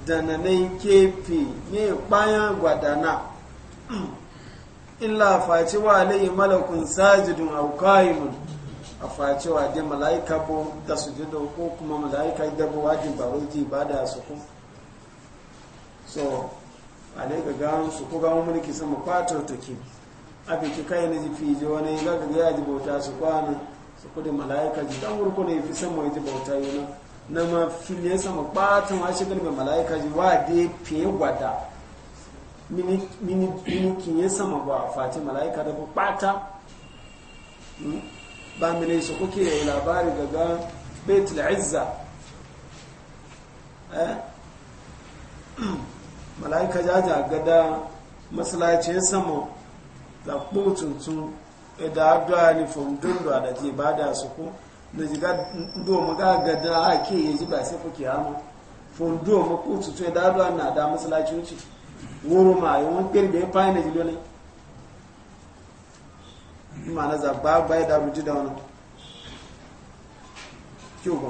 dananai kefi ne bayan gwadana illa faci wa alayhi malakun sajidun aw qaimun a faci wa dai malaika bo da sujudu ko kuma malaika da bo wajin ba wai ibada su ku so alayka ga su ko ga mulki sama kwatar take abi ki kai ne fi je wani ga ga ya ji bauta su kwani su ku da malaika ji dan gurku ne fi sama ya ji bauta yana na ma filin sama batan wa shigar mai mala'ika ji wa dai fiye gwada minikin ya sama ba fati mala'ika da ba bata hmm? ba mini su kuke yi labari daga betul izza eh? mala'ika ja gada masalacin sama da kututun da addu'a ne fomdun da ji ba da su ku. da ziga domin ga gada ake yi ji sai fuki hamu fun domin kutu tutu da abuwa na da masalaci ci wuru ma yi wani kirbe ya fayin da jilo ma na zaba bai da ruji da wani kyau ba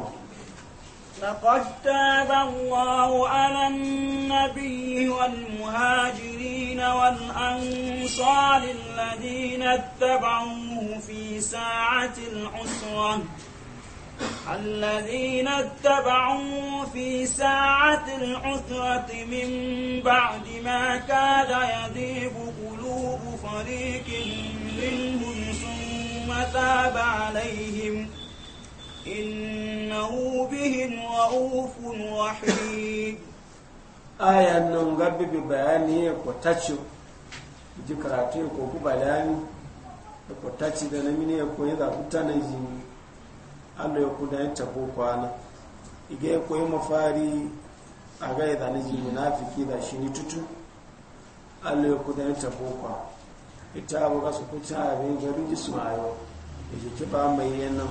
لقد تاب الله على النبي والمهاجرين والأنصار الذين اتبعوه في ساعة العسرة الذين اتبعوا في ساعة العسرة من بعد ما كاد يذيب قلوب فريق منهم ثم تاب عليهم إنه بهم رؤوف رحيم آية نغبي ببياني وتشو ji karatu ya koku bayani da kwatacci da namini ya koyi zaɓuta na jini allah ya kuda ya tabo kwana iga ya koyi mafari a ga ya zane na munafiki da shi ni tutu allah ya kuda ya tabo kwa ita abu ga su kuta abin garin ji su ayo da ji kiba mai yanan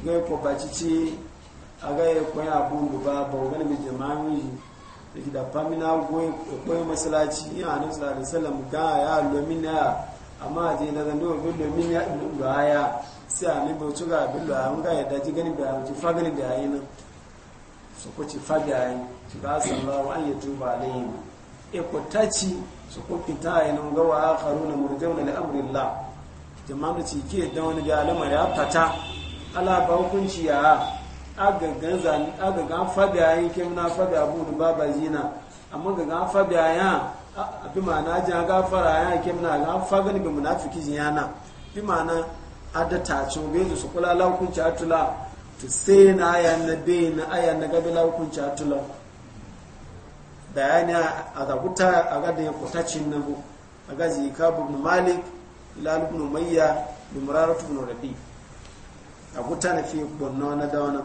iga ya kwabaci cici a ga ya koyi abun da ba ba wani mai jama'in yi da da famina koyi masalaci yi a nan alaihi wasallam ga ya lomina amma a je na zan domin lomina ya sai a ni bautu ga abin da an ga yadda ji gani bayan ci fagani da yayi nan su ku ci fagi yayi ci ba wa an yi tuba alayhi e ku taci su ku fita yi nan karu wa murjau na al'amurin la jama'a da ci ke da wani ga alama ya fata ala ba hukunci ya a zan agagan fagi yayi ke muna fagi abu da baba zina amma ga fagi yayi abi ma na ja gafara yayi ke muna gan fagani ga munafiki na bi ma'ana ada tacin bezu su kula laukunci atula to sai na aya na be na aya na gabe laukunci atula da ya ne a zakuta a gada ya kutacin na bu a gaji ikabu ibn malik ilal ibn umayya da muraratu ibn rabi a kuta na fiye gbanna na dauna.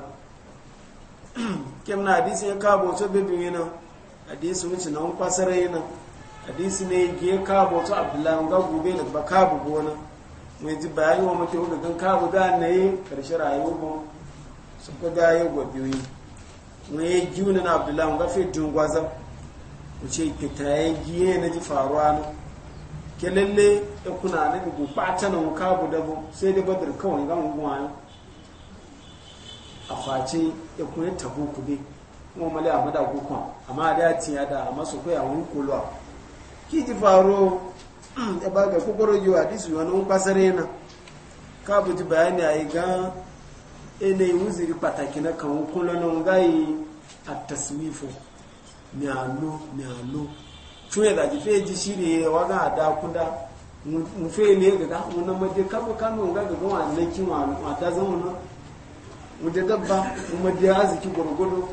Kin na hadisi ya kabo to bebe yana hadisi wuce na wani kwasarai yana hadisi ne ya kabo to abdullahi ga gobe da ba kabo gona mai ji bayani wa mace wuga don kawo da na yi karshe rayuwa mu su ka da yi wa biyu mai yi juna na abdullahi ga fi jin gwaza mu ce ki ta yi giye na ji faruwa na ke lalle ya kuna na bi a ta nan kawo da bu sai da badar kawai ga mu gwa a face ya kuna tabo ku bi kuma mali a mada amma da ya tiya da masu kwaya wani kolo ki ji faruwa ya ba ga kokoro yi wa disu wani kwasare na ka buji bayani a yi ga ene wuziri pataki na kan hukun na ga yi a taswifo ni alo ni alo tun yadda ji fe ji shiri ya waga a dakunda mu fe ne ga ga wani maje kama kama ga ga gawa na kiwa a ta zama na mu dabba mu maje arziki gwargwado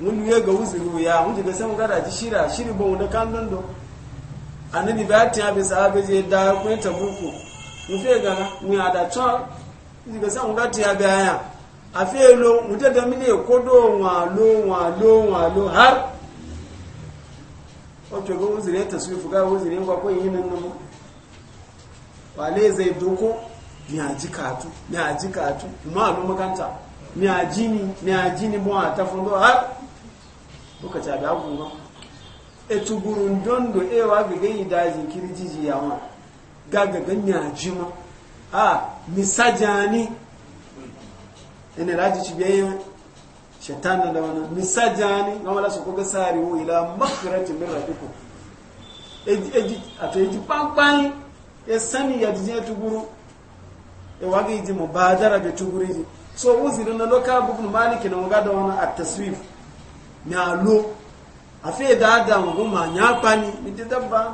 mun yi ga wuziri ya mun ji da sai mu gada ji shira shiri ba wani kan don annabi ba ta bi sahabe je da ku ta buku mu fe ga mu ya da ni ga san ga ta ga ya a fe lo mu ta da mini ko do wa lo wa lo wa lo har o to go zire ta su fuga go zire ko ko yin nan mu wale zai doko ni aji katu ni aji katu ma lo makanta ni aji ni ni aji ni bo ta fundo har ko ta ga ku ma etugurun dondo ewa gaga yi dajin kirjiji yawa gaga ganya jima a misajani ina raji ci biyayen shetan da wani misajani na wala su kuga sari wo ila makarati min rafiku a to yaji kpankpani ya e sani ya etu ya tuguru ewa ga yi ji mubadara bai tuguru ji so uzirin na lokal bukun maliki na ga da wani a taswif na lo fiye da da nguma dabba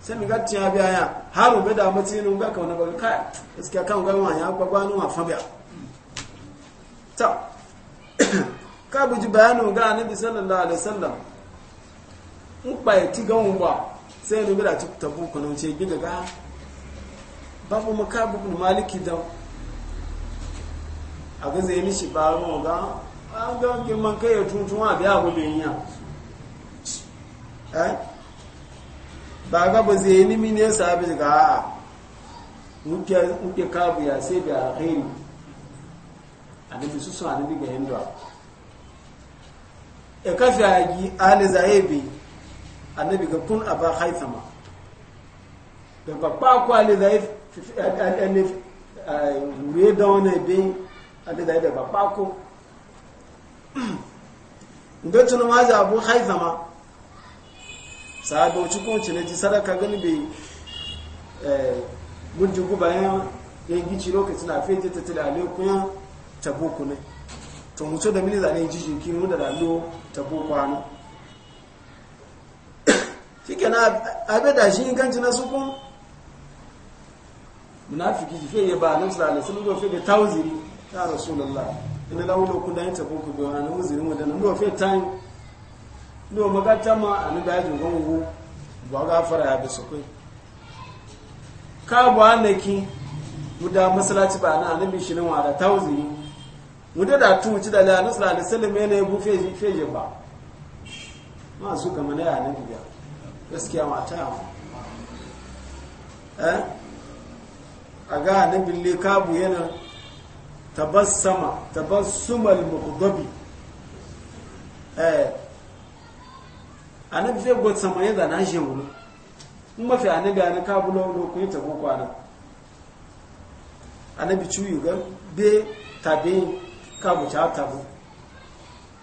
sai mi ya biya ya haru da na kai kan ma ya kwakwa no ma fabiya ta ka buji bayanu ga annabi sallallahu alaihi wasallam mu ba ya ti gan ba sai ni bira ci tabu kono ce gida ga babu makabu maliki da a shi ba ga an ga wankin man kai ya tuntun a biya gobin yi ba ga ba zai yi nimi ne sabi ga a'a muke kabu ya sai da alheri a da su su hannu ga hindu e kafi hagi ali zaebi annabi ga kun a ba haifama da babba ku ali zaebi da wani bin ali zaebi da babba ku ga tunu ma za abu haizama sabo cikin cine ji sadaka gani bai gudun eh, guba ya yi gici lokacin a fiye ta ya tabo kuna to mutu da mini na ji jiki mu da lalo tabo kwano shike na abe da shi inganci na su kun munafiki fiye ba a nan su da alisun gofe da tauziri ta rasulullah ina lawo lo da yin tabo ku do ana uzirin wa dana ndo fe tan ndo magata ma an da ji gon wu ba ga fara ya bisu kai ka ba naki guda masallaci ba na annabi shi ne wa da tawzi mu da da tu ci da la nasu da sallam yana bu fe fe je ba ma su kamar ya annabi ga gaskiya ma mata eh a ga annabi le kabu yana tabassama tabassumal mughdabi eh anabi zai gwata sama yadda na shi wuri in mafi anabi a na kabulo lokacin ta ko kwana anabi ciwo ga be tabe kabu ta tabu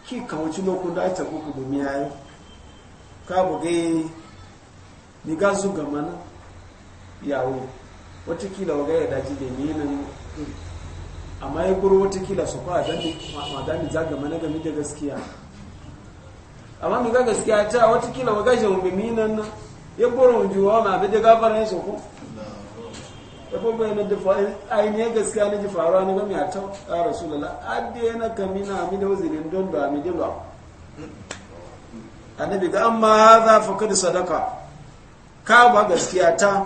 ki kawo ci lokacin da ta kuku da miyayi kabu ga ni ga su ga mana yawo wata wa ga ya daji da ni amma ya kuro watakila su kwa madami zaga mana game da gaskiya amma mu ga gaskiya ta watakila wa gashin umarni nan ya guro juwa ma bai da gafarin su ko ya bai yana dafa ainihin gaskiya na ji faruwa na gami a ta a lala adiye na kamina amina wazirin don da amina ba annabi ga amma za fa da sadaka ka ba gaskiya ta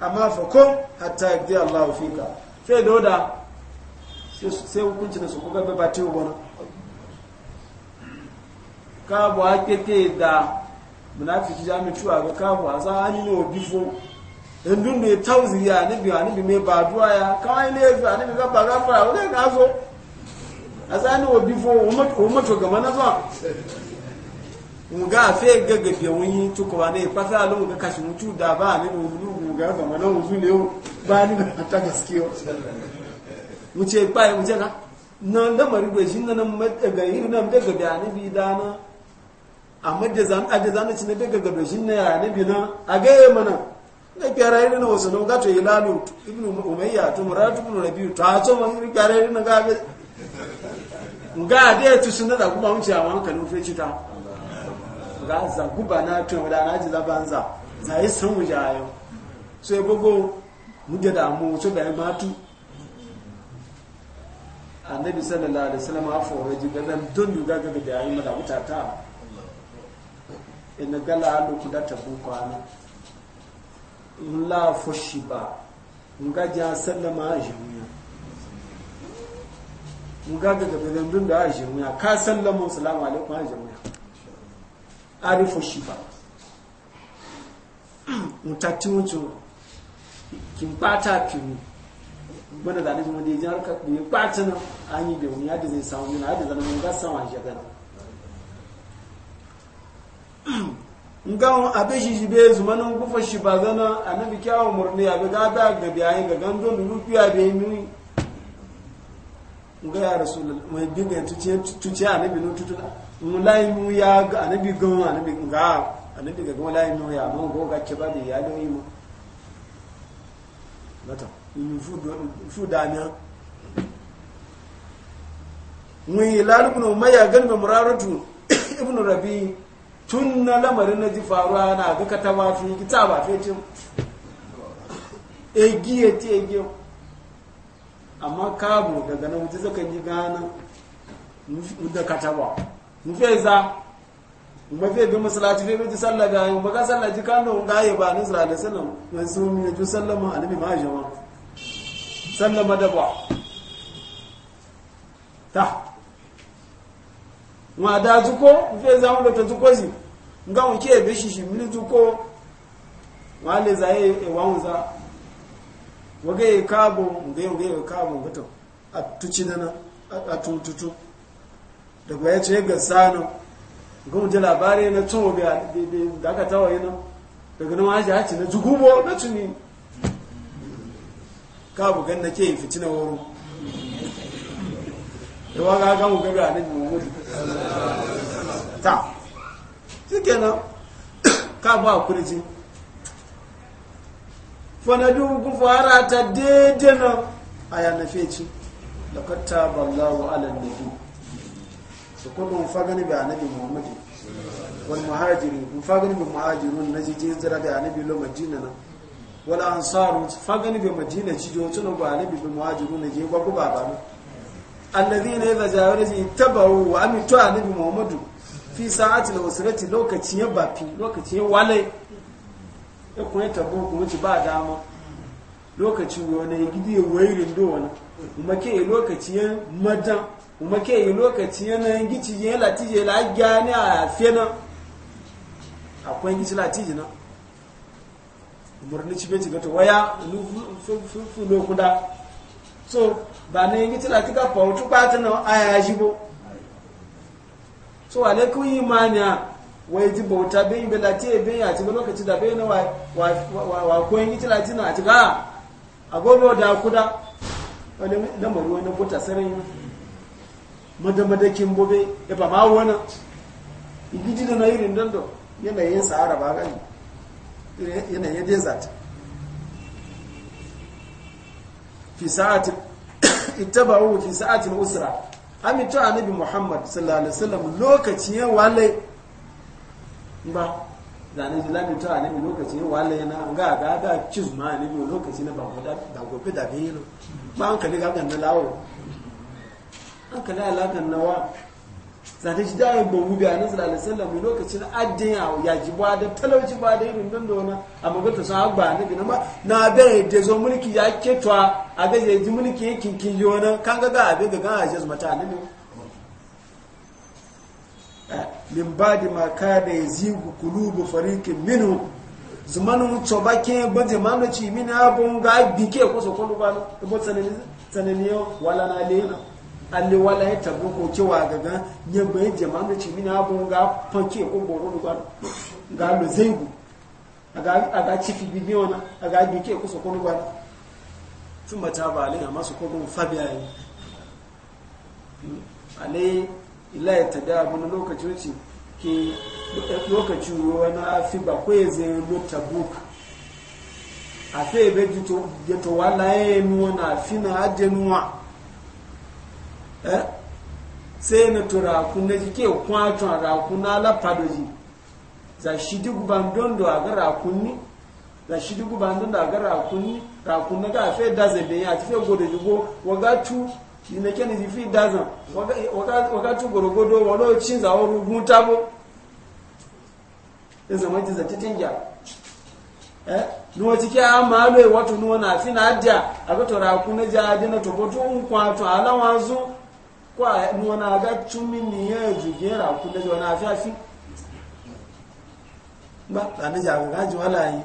amma fa ko hatta yadda Allah fika sai doda sai hukuncin su kuka ba wani a keke da munafiki jami ga kabu a za a nuna obifo indun da ya tauzi ya anibi anibi mai ba ya kawai ne anibi ga ba gafara wani ga zo a za a nuna obifo o mato mana zuwa nga fe gaga fiye wani tukowa ne fasa ga kashi mutu da ba a nuna wani ga na wuzu ne ba ni na ta gaskiyo wuce bai wuce na na na da shi na nan daga yiri na daga biya na bi da na a madda zan a da zan ci na daga gado shi na ya na bi na a ga yi mana na kyara na wasu nan gato yi lalu ibn umayya to muratu ibn rabi ta so man irin kyara irin ga ga ga da ya tusu na da kuma wuce a wanka nufe ci ta ga za guba na to da na ji zabanza za yi sun wuce a yau so ya bugo mu da damu so da ya matu annabi sallallahu alaihi wasallam ji ga gadan don yuga gaga da yayi mala wuta ta in gala alu kuda ta bu kwana in la fushi ba in ga ja sallama a jimuya in ga da gadan don da a jimuya ka sallama assalamu alaikum a jimuya ari fushi ba mutatin wucin kin bata kinu bana da nijin wanda ya ji harkar da ya ɓaci nan an yi da wani yadda zai samu yana yadda zana mun gasa ma shi gana ngan abe shi shi be zuma nan gufa shi ba gana annabi kyawun murni abe ga ba ga biyayen ga gandun da rufiya be yi nga ya rasulullah mai bin ga tuce tuce annabi no tutu mu lai mu ya ga annabi ga annabi ga annabi ga mu lai mu ya mu go ga ke ba da ya doyi mu mata fudana mun lalubun umayya gan da muraratu ibnu rabi tun na lamarin na ji faruwa na ga kata ba fi kita ba fecin egiye ti egiye amma kabu daga na wuce zaka yi gana da kata ba mu za mu fe bi masallaci fe bi sallah ga mu ga sallaci kan da ga yi ba ni da alaihi wasallam mun sun yi ju sallama annabi ma jama'a sallama da ba ta ma da zuko fe za mu ta zuko zi ga mu ke be shi shi min zuko ma le za e e wa za wage ka bo nge nge ka bo goto a tuci na a tututu da ba ya ce ga sanu ga mu ji labari na tsobe da ka tawaye na daga nan ma ji haci na zugubo na tuni ka da ke nake yin fitina woro da wa ga gan gabe a nabi muhammadu ta nan ka ba kurji fanadu gufara ta daidai nan a yana feci da kwata ballawa alan bi su kuma fagani bai anabi muhammadu wani muhajiri mun fagani bai muhajirun na jijin zira bai anabi lo madina nan wala ansaru fagani bi madina ci jo tuno ba ne bi muhajiru ne je ba ku ba ba alladhina idha jawazi tabahu wa amitu bi muhammadu fi sa'ati al-usrati lokaci ya bafi lokaci ya wale ya ta tabo kuma ci ba dama lokaci wani ya gidi ya wairin do wani kuma ke lokaci ya madan kuma ke lokaci ya na gici ya latije la gani a fena akwai gici latije na murni ci bai cigata waya fulo kuda so ba na yi tana tuka fahimtu kwata na aya shi bo so wane kun yi mani a wai ji bauta bai yi bela lati bai ya ci ba lokaci da bai na wa koyin yi tana na a cika a gobe da kuda wani lamarin wani buta sarari madamadakin bobe ya ba ma wani igidi da na irin dandon yanayin sa'ara ba gani yanayin desert fi sa'atin ittaba'u fi sa'atin usra amintu annabi muhammad sallallahu alaihi wasallam lokacin ya wale ba zane ji lamin ta annabi lokacin ya wale na ga ga ga cizma annabi lokacin na ba ko da da gobe da biyu ba an kalli ga ganna lawo an kalli alakan nawa zata shi da yabon mu biya nasu alisallam lokacin addin ya ji ba da talauci ba da irin don dona a magata sun hagba na gina ma na bai da zo mulki ya ketwa a gaje ji mulki ya kinkin yi wani kan gaga abin gaga a jesu mata ne min ba da maka da ya zigu kulubu farikin minu zumanin tsobake gbaje manoci min abun ga bike kusa kwanu ba na ibo tsananiyar wala na lena alli wala ya tabo ko cewa gaga ya bai jama'a da ci mina abun ga fanke ko boro ga ga lo zaibu aga aga cifi bibiyona aga bike ko so ko ba tun mata ba alin amma su ko gun fabiya yi ale ila ya tada abun lokaci wuce ke lokaci wani na ba ko ya zai lo tabuk a fe e be jito ya to wala ya e yi nuna fina ajenuwa Eh? sai na tura kunna jike kwato a rakuna lafado ji za shi duk bandon da aga rakunni za shi duk bandon da aga rakunni rakunna ga fe dazan bin ya tafe godo jigo waga tu ne kene ji fi dazan waga waga tu gorogodo walo cin za oru mutabo in zaman ji zati tinja eh nuwa cike an malo wato nuwa na fi na adja aga to rakunna ja adina to boto un ala wanzu. kwa mwana ga chumi ni ye jugera kunde jo na afafi ba tani ja ga ji wala yi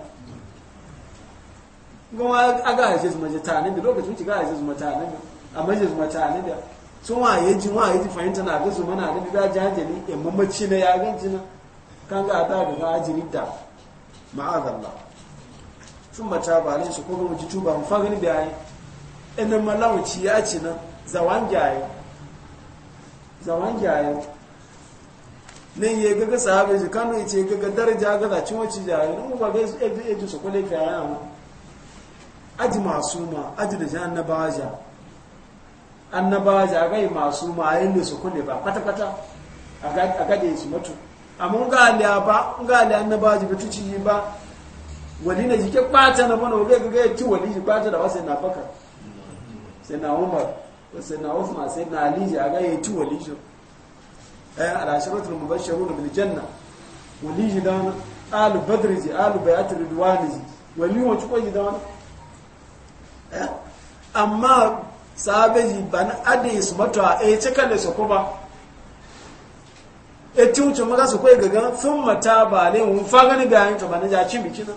goma aga ya jesu maje tani da lokacin ci ga ya jesu mata ne amma jesu mata ne da sun wa ye ji wa ye ji fahimta na ga su mana ne da ja je ni e mamaci ne ya ganci na kan ga ta da ga ji da ma'azallah sun mata ba ne su ko ga mu ci tuba mu fa gani da yi enan malawaci ya ci na zawan jaye zaman jayo nan ya gaga sahabai ji kano ya ce gaga daraja ga zacin wacce jayo nan ba gaisu ebi ebi su kwale ka yaya mu aji masu ma aji da ji annabaja annabaja gai masu ma a da su kwale ba kwata-kwata a gade su mutu amma ga aliya ba ga aliya annabaji ba tuci ba wali na jike kwata na bana wale gaga ya ci wali ji kwata da wasu na fakar sai na umar sai na ofma sai na aliji a gaya ci walijo ɗayan alashiratul mubasharu da janna waliji da wani alu badriji alu bayatul wani wali wacce kwaji da wani amma sabeji ba na ade su mata a yi cikin da su kuma e ti wuce maka su kwai gaga sun mata ba ne wun fagani bayan ka ba na jaci biki na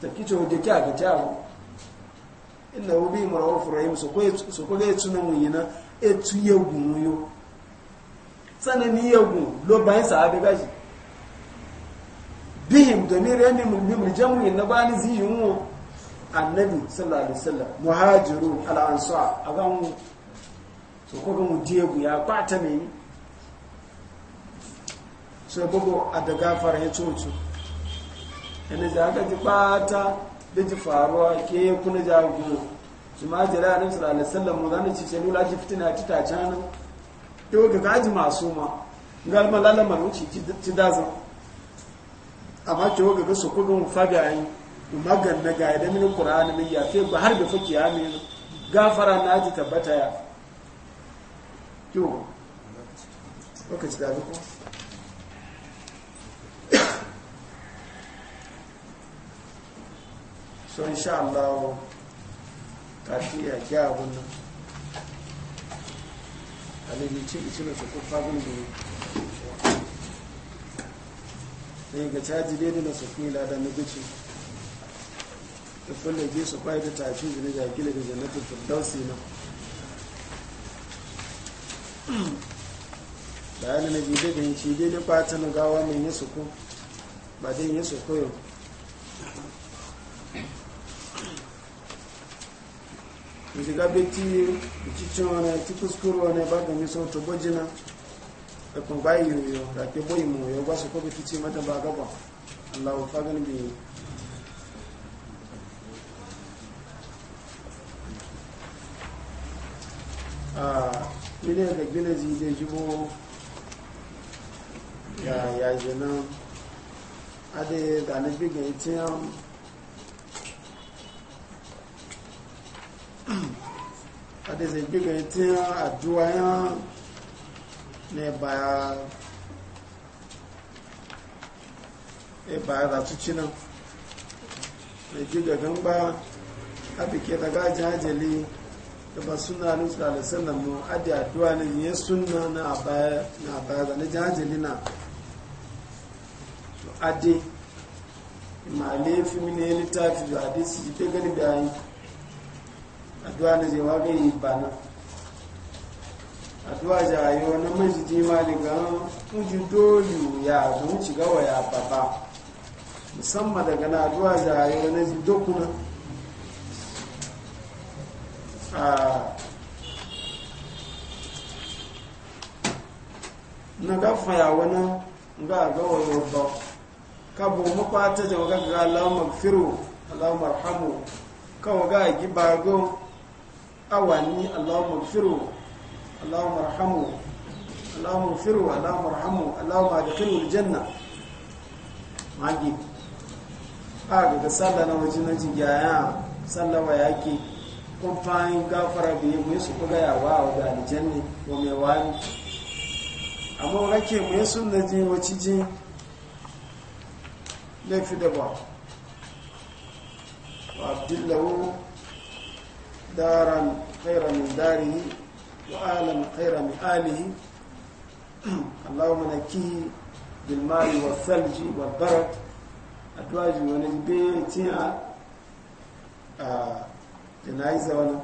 ta kice wajen a ga jawo inna wo bi mara wo fura yi so ko so ko ga tuna mun yana e tu yegun yo sana ni yegun lo ba yin sahabe bihim da ni rendi mun bi mun jamu na ba ni ziyun wo annabi sallallahu alaihi wasallam muhajiru al ansar aga mu so ko ga mu diegu ya kwata me ni so bogo adaga fara ya tsotso ene da aka ji kwata da ji faruwa ke kuna jago su ma jira a nufsa da sallan mu zana ci shelu laji fitina ci ta cana yau ga gaji masu ma galma lalama wuce ci dazan amma ke yau ga gasu kudin fabiyayi magan na gaya da mini ƙura'ani mai yafe ba har da fuki ya mai gafara na ji tabbata ya yau lokaci da ko Sun sha Allah kafi ya kya wannan alibi ce ici na sukun fagun da sai ga caji dai na sukun lada na guci da fulle bi su kwai da tafi da na jakila da jannatin firdausi na bayani na jibe da yin ci dai da kwata na gawa mai yin sukun ba dai yin sukun yau shiga beti cicin wani ti kuskuru wani ba ga miso to gojina da kun bayi yoyo da ke boyi mu yau ba su ko beti ci mata ba gaba Allah fa gani bi a ah, ile ga gina ji da jibo ya ya jina ade da ne bi ga da zai giga ya tiya a juwayen e ne baya e baya da tuci nan da giga gamba a bike da gajin hajjali da ba suna alu tsalisar aduwa ne suna na baya da na jajali na adi ma a ne littafi da hadisi ke addu'a na jewa ga yi bana addu'a ja yo na majiji maliga uji dolu ya da ci gawa ya baba musamman daga na addu'a ja yo na a na gafa ya wani ga gawa ya ba bu makwata jama'a ga alama firu alama hamu kawo ga gibago awani allahumma ighfiru allahumma arhamu allahumma ighfiru allahumma arhamu allahumma adkhilhu aljanna magi a ga sallah na waje na jigaya sallah wa yake kun fayin gafara ya mu su kuga ya wa ga aljanna wa mai wani amma rake mu yasu na je wace jin laifi da ba wa abdullahu دارا خيرا من داره وآلا خيرا من آله اللهم نكيه بالماء والثلج والبرد أدواج ونجبي تيا جنائزة ولا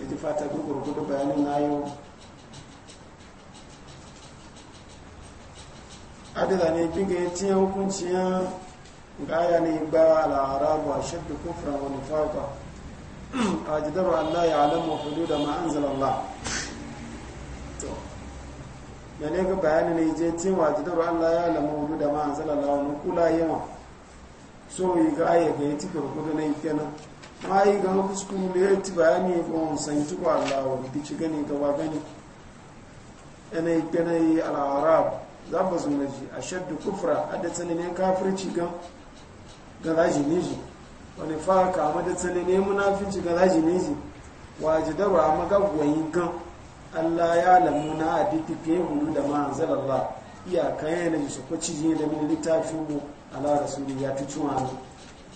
يجي فاتا قرقر قدر بياني نايو adada ne binga ya tiya hukuncin ya ga ya ne ba al'arabu a shaddu ajidaru Allah ya alamu hududa ma anzalallah to da ne ga bayani ne je tin wajidaru Allah ya alamu hududa ma anzalallah wa kula yawa so yi ga aye ga yiti ko ko ne kenan ma yi ga kusku ne yiti bayani ko san ti ko Allah wa ti ci gani ga ba gani ana yi kana yi al-arab zabba sunaji ashaddu kufra adda sanin kafirci ga ga zaji ne wani faka a matattali ne munafinci ga zaji ne ji wajidarwa a magagwayin kan allah ya lamu na a dppa hudu da ma'azal allah iyaka yana da shakwa cije da mini littafin mu ala rasuli ya fi cin hannu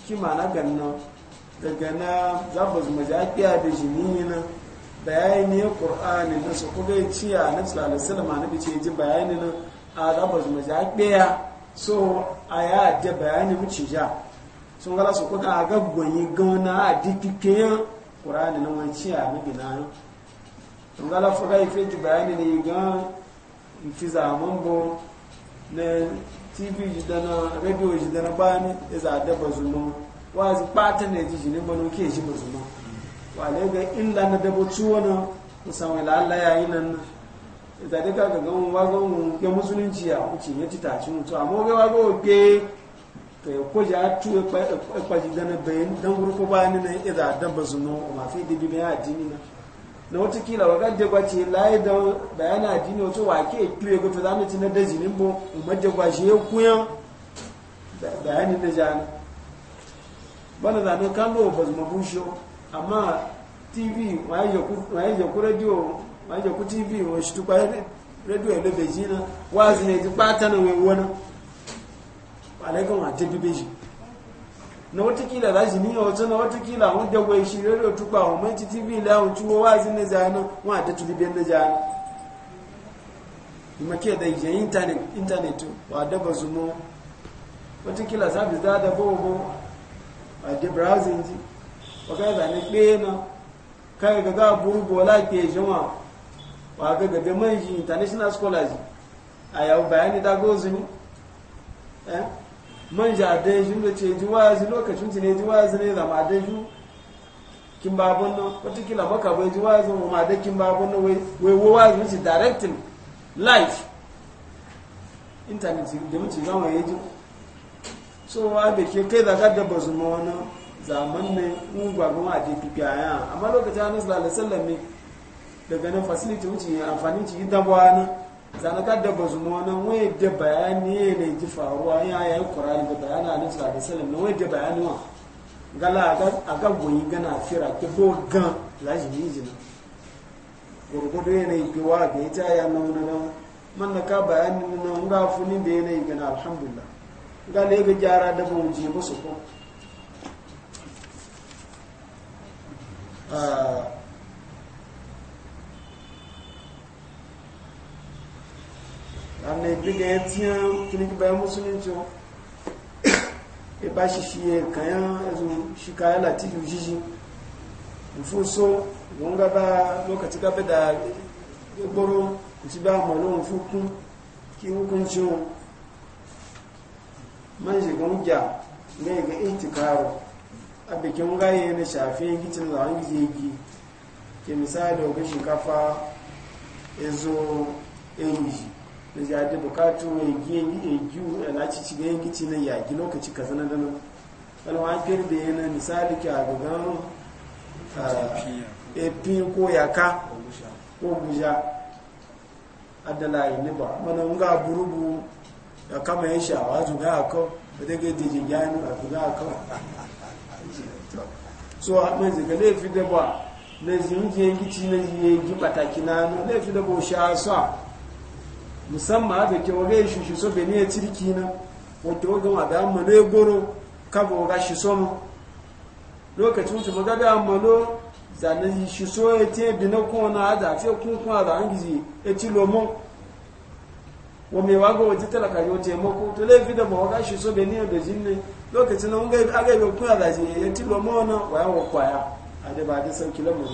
ki na ganna daga na zabaz majaƙiya da jini na bayani ne ƙur'ani na su kuma ya ciya na nabi salama na bice ji bayani na a a majaƙiya so a ya da bayani mu ci ja sun gala su kuka a gaggwanyi gauna a dikikiyan ƙura'ani na wanci a nabi na yau sun gala fuka ife ti bayani ne gan ti zaman bo na tv jidana radio jidana bani ya a ba zuma wa zi kpata na ji jini ba ke ji ba zuma wa ne ga inda na daba ciwo na musamman lalla yayi nan zaɗa ka ga gan wagon ya musulunci a wuce ya ci tashi mutu amma ga wagon ke Eh, ko a tu e kwa eh, ji bayan dan gurko ba nan idan dan ba zuno ma fi dibi ba addini na na wata kila wa gaje kwa lai da bayana addini wato wa ke tu e goto zanu ci na daji bo umma je kwa kuyan da jana bana da ne kan do ba zuma amma tv ya ku ya ku radio ya ku tv wa shi tu radio e bejina wazi ne patana we wona alaikan a tafi na watakila za shi niya wata na watakila hun da gwai shi rero tukwa hun manci tv la hun ciwo wazi na zana wa da tulibiyan na zana kuma ke da yi intanet intanet wa da ba zumo watakila sabis da da bobo a da browsing ji wa kai zane ɗaya na kai ga ga burgo la ke jima wa ga gabe manji international scholars a yau bayani da gozu ne eh manja dai jin da ce ji wazi lokacin ci ne ji wazi ne zama dai ju kin babun nan particular maka bai ji wazi ma da kin babun nan wai wai wazi mace directing live internet da mu ci gama ya ji so wa da ke kai da da ba su ma wani zaman ne mu ba mu a ke fifiya aya amma lokacin Annabi sallallahu alaihi wasallam ne daga nan facility wuce amfani ci yi bawani zanaka da ba zuma nan waye da bayani ne ji faruwa ya yi qur'ani da bayani a nisa da salim na waye da bayani wa gala a aga goyi gana fira ta bo gan la ji ni gurgudu ne bi wa ga ita ya nan nan man na ka bayani nan ga funi da yi gana alhamdulillah ga ne ga gyara da ba ji musu ko ah, ana ìpínlẹ̀ ẹ̀tíyàn kìnnìkìbà mùsùlùmí ìbá ṣiṣi ẹ̀kànyán ẹ̀zùn ṣìkàyà láti ìlú jíjí ìfúnso ìwọ̀n gábá lókàtí gábẹ́dà gbogbo ti bá mọ̀ lóhun fún kún kí wúkún tí ó ka ń ṣe gan jà lẹ́ẹ̀gẹ́ ìtìkàrọ̀ abẹ̀kẹ́ ń gáyé ní ṣàfihàn igi tí ó láwọn igi igi kẹmísáàdì ọgbẹ́ ṣìkáfà ẹ̀zọ ẹ̀rù da ji adi bukatu ya giyu ya laci ci ga yanki ci na yaki lokaci ka zana da nan alwa kalma girbe yana misali ki a gagan efin ko yaka ko guja yi ne ba mana nga burubu ya kama ya shawa wa zuga ako ba daga dijin yanu a zuga ako so a mai zaga laifi da ba na zinjiyar gici na zinjiyar gibata kinanu laifi da ba sha sa musamman da ke waga shi so bene ya ciriki na wato waga wada amma ne goro kaba waga shi so mu lokacin su magaga amma lo zane shi so ya na bina kona da fe kun kuma da an gizi ya ci lomo wa me waga waje talaka yo te mako to laifi da waga shi so bene ya bejin ne lokacin na unga aga yo kuna da je ya ci lomo na waya wa kwaya a da ba da sauki lamu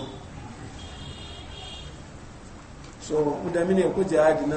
so mudamine ji jihadi na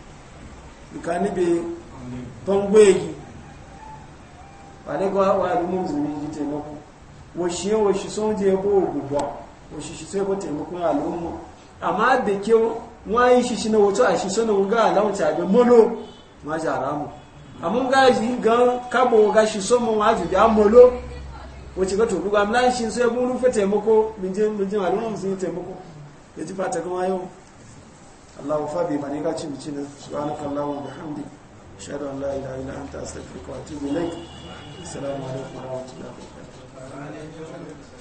ikanibe tongweji balego wa rumu zumi jite mako wo shi wo shi so je bo gugwa wo shi shi so ko te mako ya lumu amma da ke wa yi shi shi na wato a shi so na ga launta be molo ma ja ramu amma ga shi ga kabo ga shi so mo wa ju da molo wo ci ga to duga mlan shi so e bu rufe te mako min je min je wa rumu Allahu fabi mani ka ci bici na subhanaka Allahu bihamdi ashhadu an la ilaha illa anta wa atubu wa